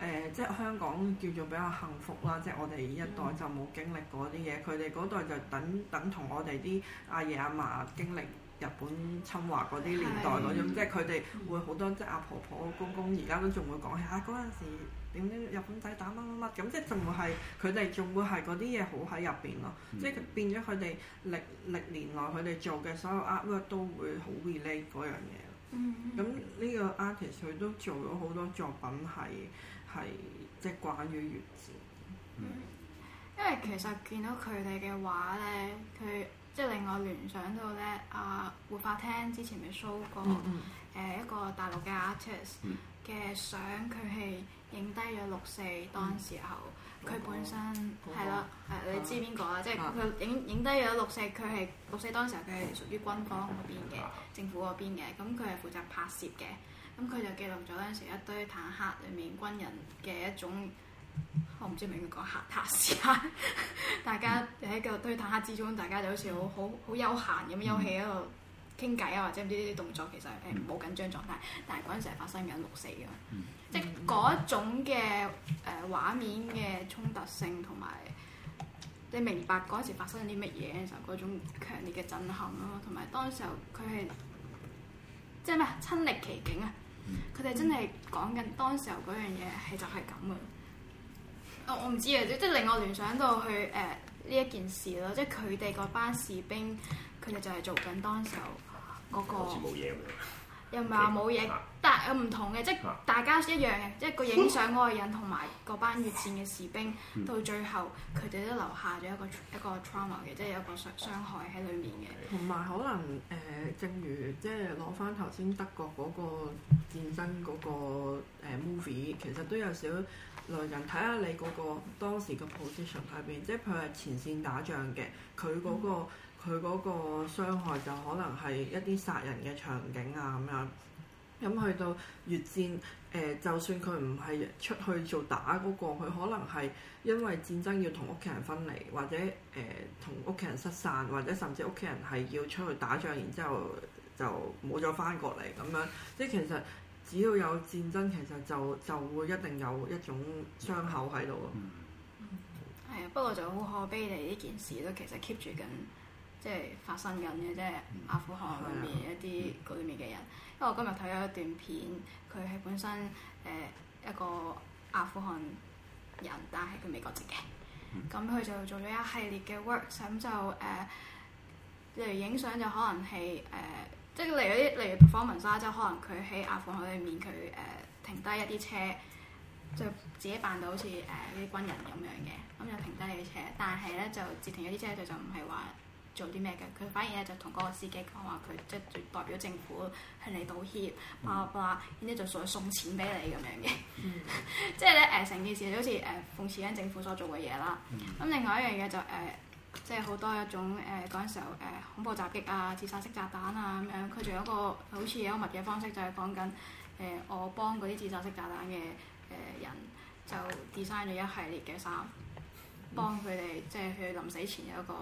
誒，即係呃香港叫做比較幸福啦。即係我哋一代就冇經歷過啲嘢，佢哋嗰代就等等同我哋啲阿爺阿嫲經歷。日本侵華嗰啲年代咯，咁的即係佢哋會好多、嗯、即係阿婆婆公公而家都仲會講起、嗯、啊嗰陣時點樣日本仔打乜乜乜咁，即係仲會係佢哋仲會係嗰啲嘢好喺入邊咯，嗯、即係變咗佢哋歷歷年來佢哋做嘅所有 artwork 都會好 relate 嗰樣嘢。咁呢、嗯、個 artist 佢都做咗好多作品係係即係關於越戰，嗯嗯、因為其實見到佢哋嘅畫咧，佢。即係令我聯想到咧，阿活化廳之前咪 show 過誒、嗯呃、一個大陸嘅 artist 嘅相、嗯，佢係影低咗六四當時候，佢本身係咯，係你知邊個啊？即係佢影影低咗六四，佢係六四當時候佢係屬於軍方嗰邊嘅政府嗰邊嘅，咁佢係負責拍攝嘅，咁佢就記錄咗嗰陣時一堆坦克裏面軍人嘅一種。我唔知點解佢講下塔時間，大家喺個堆坦克之中，大家就好似好好好悠閒咁休息喺度傾偈啊，或者唔知呢啲動作其實誒冇、欸、緊張狀態，但係嗰陣時係發生緊六四嘅，嗯、即係嗰、嗯、種嘅誒、呃、畫面嘅衝突性同埋你明白嗰陣時發生啲乜嘢嘅時候，嗰種強烈嘅震撼咯，同埋當時候佢係即係咩啊？親歷其境啊！佢哋、嗯、真係講緊當時候嗰樣嘢係就係咁嘅。我唔知啊，即即令我聯想到去誒呢一件事咯，即佢哋嗰班士兵，佢哋就係做緊當時候、那、嗰個，啊、又唔係話冇嘢，Okay. 但有唔同嘅，即大家一樣嘅，啊、即個影相嗰個人同埋嗰班越戰嘅士兵，嗯、到最後佢哋都留下咗一個一個 trauma 嘅，即係一個傷傷害喺裏面嘅。同埋 Okay. 可能誒、呃，正如即攞翻頭先德國嗰個戰爭嗰個 movie，其實都有少。來人睇下你嗰個當時嘅 position 喺邊，即係佢係前線打仗嘅，佢嗰、嗰個佢嗰、嗯、個傷害就可能係一啲殺人嘅場景啊咁樣。咁去到越戰，誒、呃、就算佢唔係出去做打嗰、嗰個，佢可能係因為戰爭要同屋企人分離，或者誒同屋企人失散，或者甚至屋企人係要出去打仗，然之後就冇咗翻過嚟咁樣。即係其實。只要有戰爭，其實就就會一定有一種傷口喺度咯。係啊、嗯嗯， *noise* 不過就好可悲哋呢件事都其實 keep 住緊，即係發生緊嘅，即係阿富汗裏面的、嗯、一啲裏面嘅人。嗯、因為我今日睇咗一段片，佢係本身誒、呃、一個阿富汗人，但係佢美國籍。嘅、嗯。咁佢、嗯嗯、就做咗一系列嘅 work，咁、嗯、就誒、嗯、例、嗯、如影相就可能係誒。呃呃呃呃呃呃呃即係嚟嗰啲，例如 performance 啦。即係可能佢喺阿富汗裏面，佢誒、呃、停低一啲車，就自己扮到好似誒啲軍人咁樣嘅，咁、嗯、就停低你啲車。但係咧就截停一啲車，就車就唔係話做啲咩嘅。佢反而咧就同嗰個司機講話，佢即係代表政府向你道歉啊、嗯、啊，然之後就再送錢俾你咁樣嘅。即係咧誒，成 *laughs* 件事好似誒諷刺緊政府所做嘅嘢啦。咁、嗯嗯、另外一樣嘢就誒。呃即係好多一種誒嗰陣時候誒、呃、恐怖襲擊啊、自殺式炸彈啊咁樣，佢仲有一個好似幽默嘅方式就，就係講緊誒我幫嗰啲自殺式炸彈嘅誒、呃、人就 design 咗一系列嘅衫，幫佢哋即係佢臨死前有一個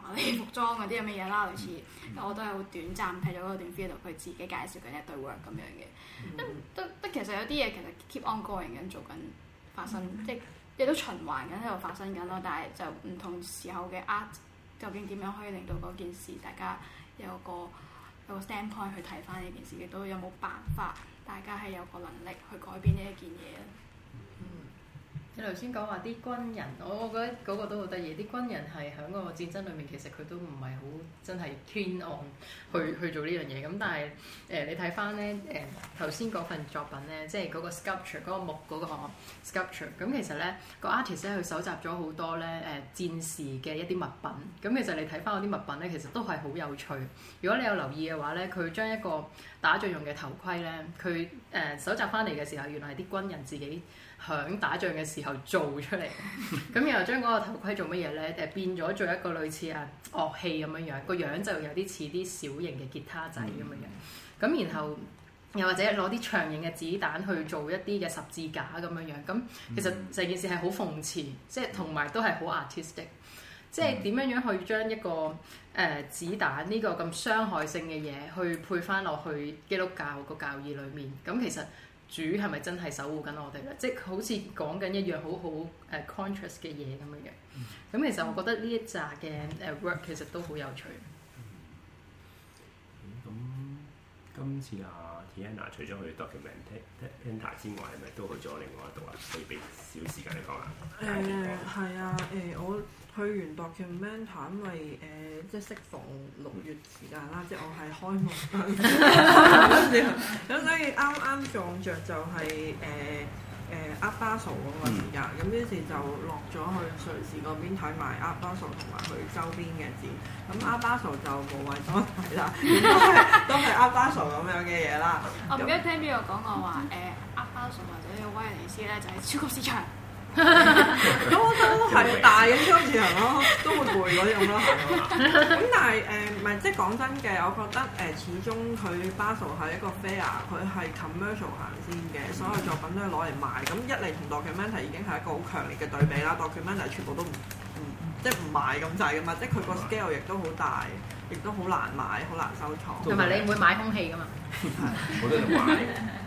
華麗服裝嗰啲咁嘅嘢啦，嗯、類似，我都係好短暫睇咗嗰段 video，佢自己介紹緊一堆 work 咁樣嘅，都都都其實有啲嘢其實 keep on going 緊做緊發生，嗯、即係。亦都循環緊喺度發生緊咯，但係就唔同時候嘅 art，究竟點樣可以令到嗰件事大家有個有個 standpoint 去睇翻呢件事，亦都有冇辦法大家係有個能力去改變呢一件嘢？你頭先講話啲軍人，我我覺得嗰個都好得意。啲軍人係喺個戰爭裏面，其實佢都唔係好真係天惡去去做呢樣嘢。咁但係誒、呃，你睇翻咧誒頭先嗰份作品咧，即係嗰個 sculpture 嗰個木嗰個 sculpture。咁、嗰個、其實咧、嗰個 artist 咧佢搜集咗好多咧誒、呃、戰士嘅一啲物品。咁其實你睇翻嗰啲物品咧，其實都係好有趣。如果你有留意嘅話咧，佢將一個打仗用嘅頭盔咧，佢誒蒐集翻嚟嘅時候，原來係啲軍人自己。響打仗嘅時候做出嚟，咁 *laughs* 然後將嗰個頭盔做乜嘢呢？誒變咗做一個類似啊樂器咁樣樣，個樣就有啲似啲小型嘅吉他仔咁樣樣。咁、嗯、然後、嗯、又或者攞啲長型嘅子彈去做一啲嘅十字架咁樣樣。咁其實成件事係好諷刺，即係同埋都係好 artistic，即係點、嗯、樣樣去將一個誒、呃、子彈呢、呢個咁傷害性嘅嘢去配翻落去基督教個教義裡面。咁其實。主係咪真係守護緊我哋咧？即係好似講緊一樣好好誒 contrast 嘅嘢咁樣嘅。咁、嗯、其實我覺得呢一集嘅誒、呃呃、work 其實都好有趣。嗯，咁今次啊。Yenna 除咗去 Documenta 之外，係咪都去咗另外一度、呃呃、啊？可以俾少時間你講下。誒，係啊，誒，我去完 Documenta 因為誒、呃，即係適逢六月時間啦，即係我係開幕嗰陣時，咁 *laughs* *laughs* *laughs* 所以啱啱撞着就係、是、誒。呃誒、呃、阿巴索嗰個時間，咁於是就落咗去瑞士嗰邊睇埋阿巴索同埋佢周邊嘅展，咁阿巴索就冇謂多睇啦，都係都係阿巴索咁樣嘅嘢啦。我唔記得聽邊個講過話誒阿巴索或者威尼斯人咧就係超級市場。 *laughs* 都都係大咁裝字行咯，都會攰嗰種咯。咁但係誒，唔係即係講真嘅，我覺得誒始終佢 Basel 係一個 fair，佢係 commercial 行先嘅，所有作品都係攞嚟賣。咁一嚟同 Documenta 已經係一個好強烈嘅對比啦。Documenta 全部都唔唔即係唔賣咁滯嘅嘛，即係佢個 scale 亦都好大，亦都好難買，好難收藏。同埋你唔會買空氣㗎嘛？冇得 *laughs* 買，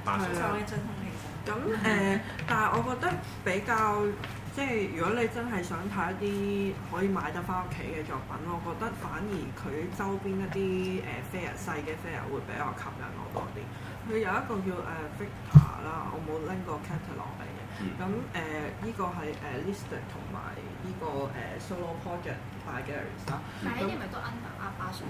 買錯嘅 *laughs* 對 *laughs* 咁誒、呃、但係我覺得比較即係、就是、如果你真係想睇一啲可以買得翻屋企嘅作品，我覺得反而佢周邊一啲誒、呃 *noise* 啊、fair 細嘅 fair 會比較吸引我多啲。佢有一個叫誒、呃、Victor 啦，我冇拎過 catalog 嚟嘅。咁誒呢個係誒 Listed 同。呃 List 呢、這個誒、呃、solo project by g a r 但係呢啲咪都 under 阿巴屬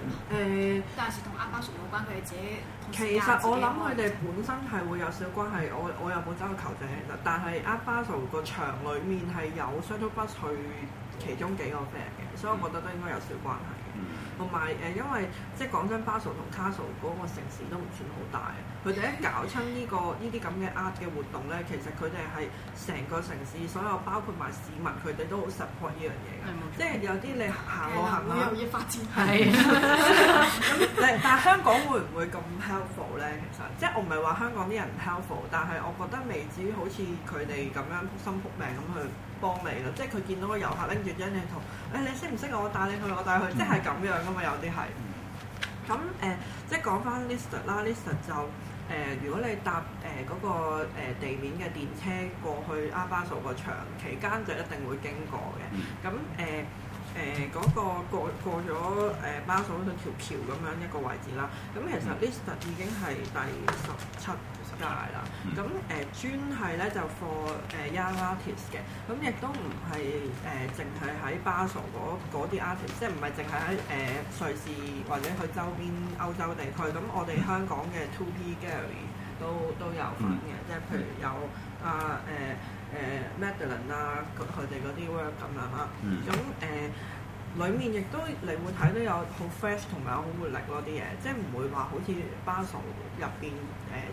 但係是同阿巴屬有關，佢哋、呃、自己其實我諗佢哋本身係會有少關係，嗯、我我又冇真係求證其實，但係阿巴屬個場裡面係有 shuttle bus 去其中幾個 friend 嘅，嗯、所以我覺得都應該有少關係。嗯同埋誒，因為即係講真，巴塞爾同卡塞爾嗰個城市都唔算好大，佢哋一搞親呢個呢啲咁嘅呃嘅活動咧，其實佢哋係成個城市所有包括埋市民，佢哋都好 support 呢樣嘢嘅，即係有啲你行路行路，又有啲發展，係咁。但係香港會唔會咁 helpful 咧？其實即係我唔係話香港啲人 helpful，但係我覺得未至於好似佢哋咁樣撲心撲命咁去。幫你即係佢見到個遊客拎住張地圖，誒、哎、你識唔識我帶你去？我帶佢。即係咁樣噶嘛，有啲係。咁誒、嗯呃，即係講翻啲實啦，l 啲實就誒、呃，如果你搭誒嗰、呃那個地面嘅電車過去阿巴索個場，期間就一定會經過嘅。咁誒、嗯。誒嗰、呃那個過咗誒、呃、巴塞嗰條橋咁樣一個位置啦，咁、啊、其實 list 已經係第十七屆啦。咁、啊、誒、呃、專係呢就 for 誒 young artist 嘅，咁、啊、亦都唔係誒淨係喺巴塞嗰啲 artist，即係唔係淨係喺誒瑞士或者佢周邊歐洲地區。咁我哋香港嘅 Two P Gallery 都都有份嘅，嗯、即係譬如有啊誒。呃呃誒 Madeline 啦，佢哋嗰啲 work 咁啊啦。咁誒、嗯嗯、裡面亦都你會睇到有好 fresh 同埋好活力咯啲嘢，即係唔會話好似 Basel 入邊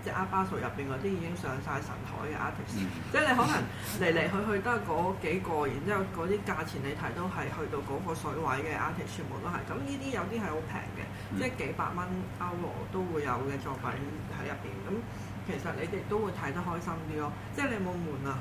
誒，即係阿 Basel 入邊嗰啲已經上晒神台嘅 artists、嗯、即係你可能嚟嚟去去去得嗰幾個，然之後嗰啲價錢你睇都係去到嗰個水位嘅 artists 全部都係。咁呢啲有啲係好平嘅，嗯、即係幾百蚊歐羅都會有嘅作品喺入邊。咁其實你哋都會睇得開心啲咯，即係你冇悶啊！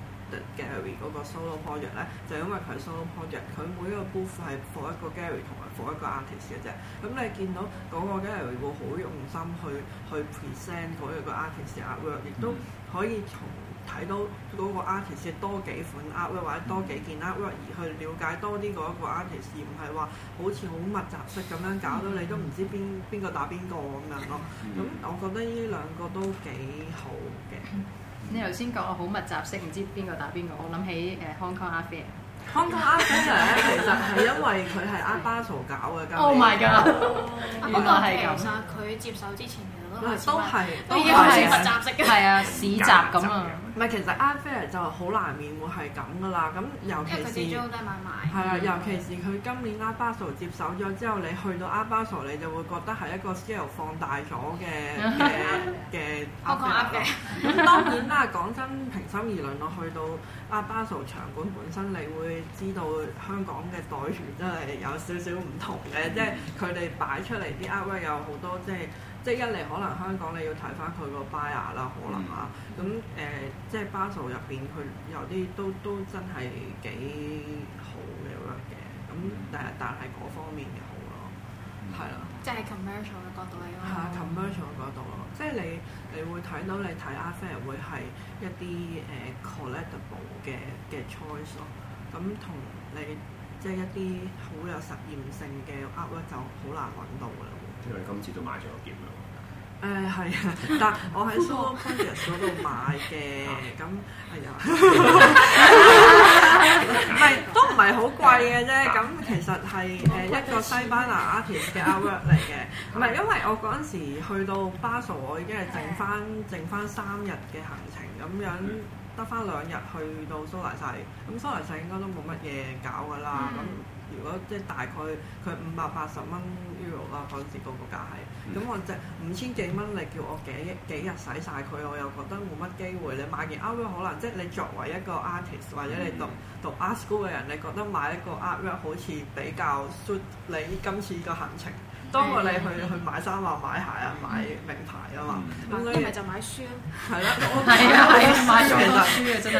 Gary 嗰個 solo project 咧，就因為佢係 solo project，佢每一個 booth 係 for 一個 gallery 同埋 for 一個 artist 嘅啫。咁你見到嗰個 gallery 會好用心去去 present 嗰個 artist 嘅 artwork，亦都可以從睇到嗰個 artist 多幾款 artwork 或者多幾件 artwork 而去了解多啲嗰一個 artist，而唔係話好似好密集式咁樣搞到你都唔知邊邊個打邊個咁樣咯。咁我覺得呢兩個都幾好嘅。你頭先講我好密集式，唔知邊個打邊個，我諗起誒 Hong Kong Affair。Hong Kong Affair 呢其實係因為佢係阿巴嫂搞嘅。Oh my god！原來係咁。其實佢接手之前。都係，都已經係市集咁啊。唔係，其實 Art Fair 就好難免會係咁噶啦。咁尤其是，係啊，尤其是佢今年 Art Basel 接手咗之後，你去到 Art Basel 你就會覺得係一個 scale 放大咗嘅嘅嘅。我講當然啦。講真，平心而論，我去到 Art Basel 場館本身，你會知道香港嘅袋漁真係有少少唔同嘅，即係佢哋擺出嚟啲 art 有好多即係。即係一嚟可能香港你要睇翻佢個 buyer 啦，可能啊，咁誒、嗯、即係巴塞入邊佢有啲都都真係幾好嘅 work 嘅，咁但係但係嗰方面嘅好咯，係咯、呃，即係 commercial 嘅角度嚟咯，係 commercial 嘅角度咯，即係你你會睇到你睇 art fair 會係一啲誒 collectable 嘅嘅 choice 咯，咁同你即係一啲好有實驗性嘅 work 就好難揾到啦，因為今次都買咗一件啦。誒係啊，但係我喺 SoulPantis 嗰度買嘅，咁 *laughs* 哎呀，唔係都唔係好貴嘅啫。咁 *laughs* 其實係誒、 *laughs* 呃、一個西班牙 artist 嘅 award 嚟嘅，唔係 *laughs* 因為我嗰陣時去到巴塞，我已經係剩翻 *laughs* 剩翻三日嘅行程，咁樣得翻、mm hmm. 兩日去到蘇黎世，咁蘇黎世應該都冇乜嘢搞㗎啦，咁、mm。Hmm. 如果即係大概佢五百八十蚊 euro 啦，嗰陣時個個價係。咁、嗯、我即五千幾蚊，你叫我幾幾日使晒佢，我又覺得冇乜機會。你買件 artwork 可能即係你作為一個 artist 或者你讀、嗯、讀 art school 嘅人，你覺得買一個 artwork 好似比較 suit 你今次個行程。當過你去去買衫啊、買鞋啊、買名牌啊嘛，我唔係就買書啊？係啦，我係啊係啊，買咗好多書嘅真係。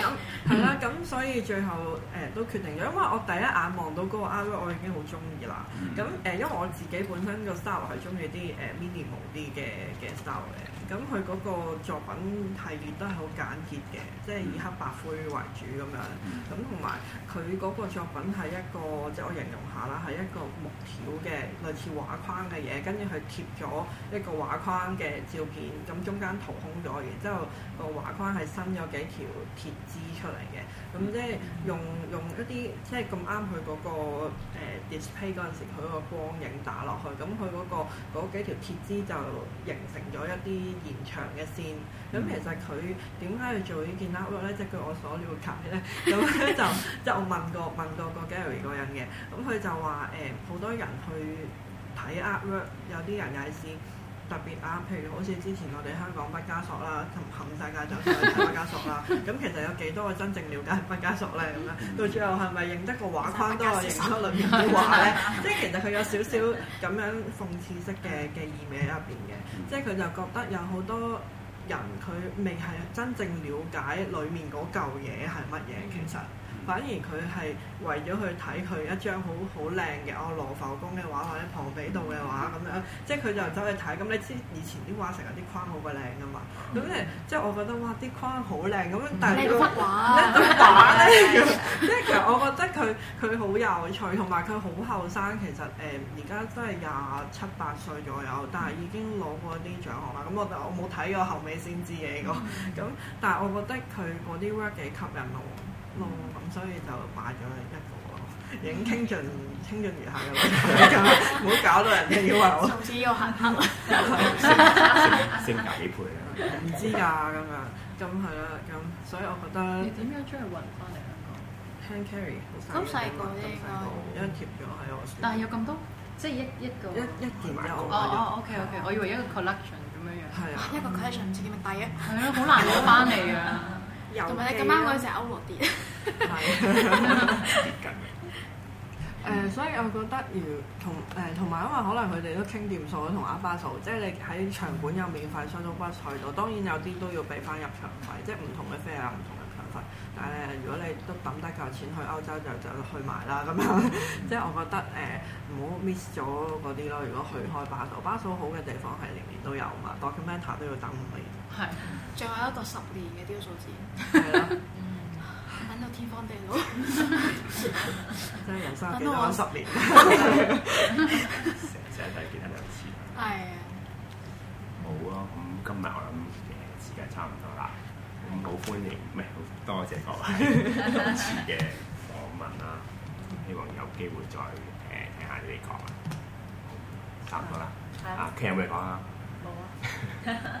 咁係啦，咁所以最後誒都決定咗，因為我第一眼望到嗰個 R 我已經好中意啦。咁誒，因為我自己本身個 style 係中意啲誒 minimal 啲嘅嘅 style 嘅。咁佢嗰個作品系列都係好簡潔嘅，即係以黑白灰為主咁樣。咁同埋佢嗰個作品係一個，即係我形容下啦，係一個木條嘅類似畫框嘅嘢，跟住佢貼咗一個畫框嘅照片，咁中間掏空咗，然之後個畫框係伸咗幾條鐵枝出嚟嘅。咁即係用用一啲即係咁啱佢嗰個誒 display 嗰陣時，佢、呃、個、 *noise* 呃、光影打落去，咁佢嗰個嗰幾條鐵枝就形成咗一啲延長嘅線。咁、嗯、其實佢點解去做件呢件 artwork 咧？即、就、係、是、據我所了解咧，咁咧 *laughs* *laughs* 就即係我問過問過個 gallery 嗰人嘅，咁佢就話誒好多人去睇 artwork 有啲人係試。特別啊，譬如好似之前我哋香港畢加索啦，同冚世界就去睇畢加索啦。咁 *laughs* 其實有幾多個真正了解畢加索咧？咁樣 *laughs* 到最後係咪認得個畫框多過認出裏面啲畫咧？即係 *laughs* 其實佢有少少咁樣諷刺式嘅嘅 *laughs* 意味喺入邊嘅，即係佢就覺得有好多人佢未係真正了解裏面嗰嚿嘢係乜嘢， *laughs* 其實。反而佢係為咗去睇佢一張好好靚嘅，哦羅浮宮嘅畫或者龐比度嘅畫咁樣，即係佢就走去睇。咁你知以前啲畫成日啲框好鬼靚㗎嘛？咁咧、嗯，即係我覺得哇，啲框好靚咁，但係、佢個畫，一幅畫咧，即係其實我覺得佢佢好有趣，同埋佢好後生。其實誒，而、嗯、家都係廿七八歲左右，但係已經攞過啲獎項啦。咁我我冇睇過後尾先知嘅呢個，咁但係我覺得佢嗰啲 work 幾吸引我。咁，所以就買咗一個，已經傾盡傾盡而下嘅，唔好搞到人哋要話我。從此要行乞啦！升價幾倍啊？唔知㗎，咁樣咁係啦，咁所以我覺得點樣出去揾翻嚟咧？Hand carry，好細個應該，因為 keep 咗喺我。但係有咁多，即係一一個一一件買過。哦哦，OK OK，我以為一個 collection 咁樣樣，一個 collection 唔知幾咪抵啊！係咯，好難攞翻嚟㗎。同埋你咁啱嗰隻歐羅啲。係。誒，所以我覺得，如同誒，同埋因為可能佢哋都傾掂數，同阿巴嫂，au, 即係你喺場館有免費相足巴賽道，當然有啲都要俾翻入場費，即係唔同嘅飛唔同嘅場費。但係咧，如果你都抌低價錢去歐洲，就就去埋啦咁樣。即係我覺得誒，唔好 miss 咗嗰啲咯。如果去開巴嫂，巴嫂好嘅地方係年年都有嘛，Documenta 都要等嘅。係。 *laughs* *laughs* 最後一個十年嘅呢個數字，揾到天荒地老，真係人生幾難十年，成世都見一兩次。係啊，冇啊，咁今日我諗誒時間差唔多啦，咁好歡迎，唔係好多謝各位今次嘅訪問啦，希望有機會再誒聽下你哋講啊，差唔多啦，啊，其他人有咩講啊，冇啊。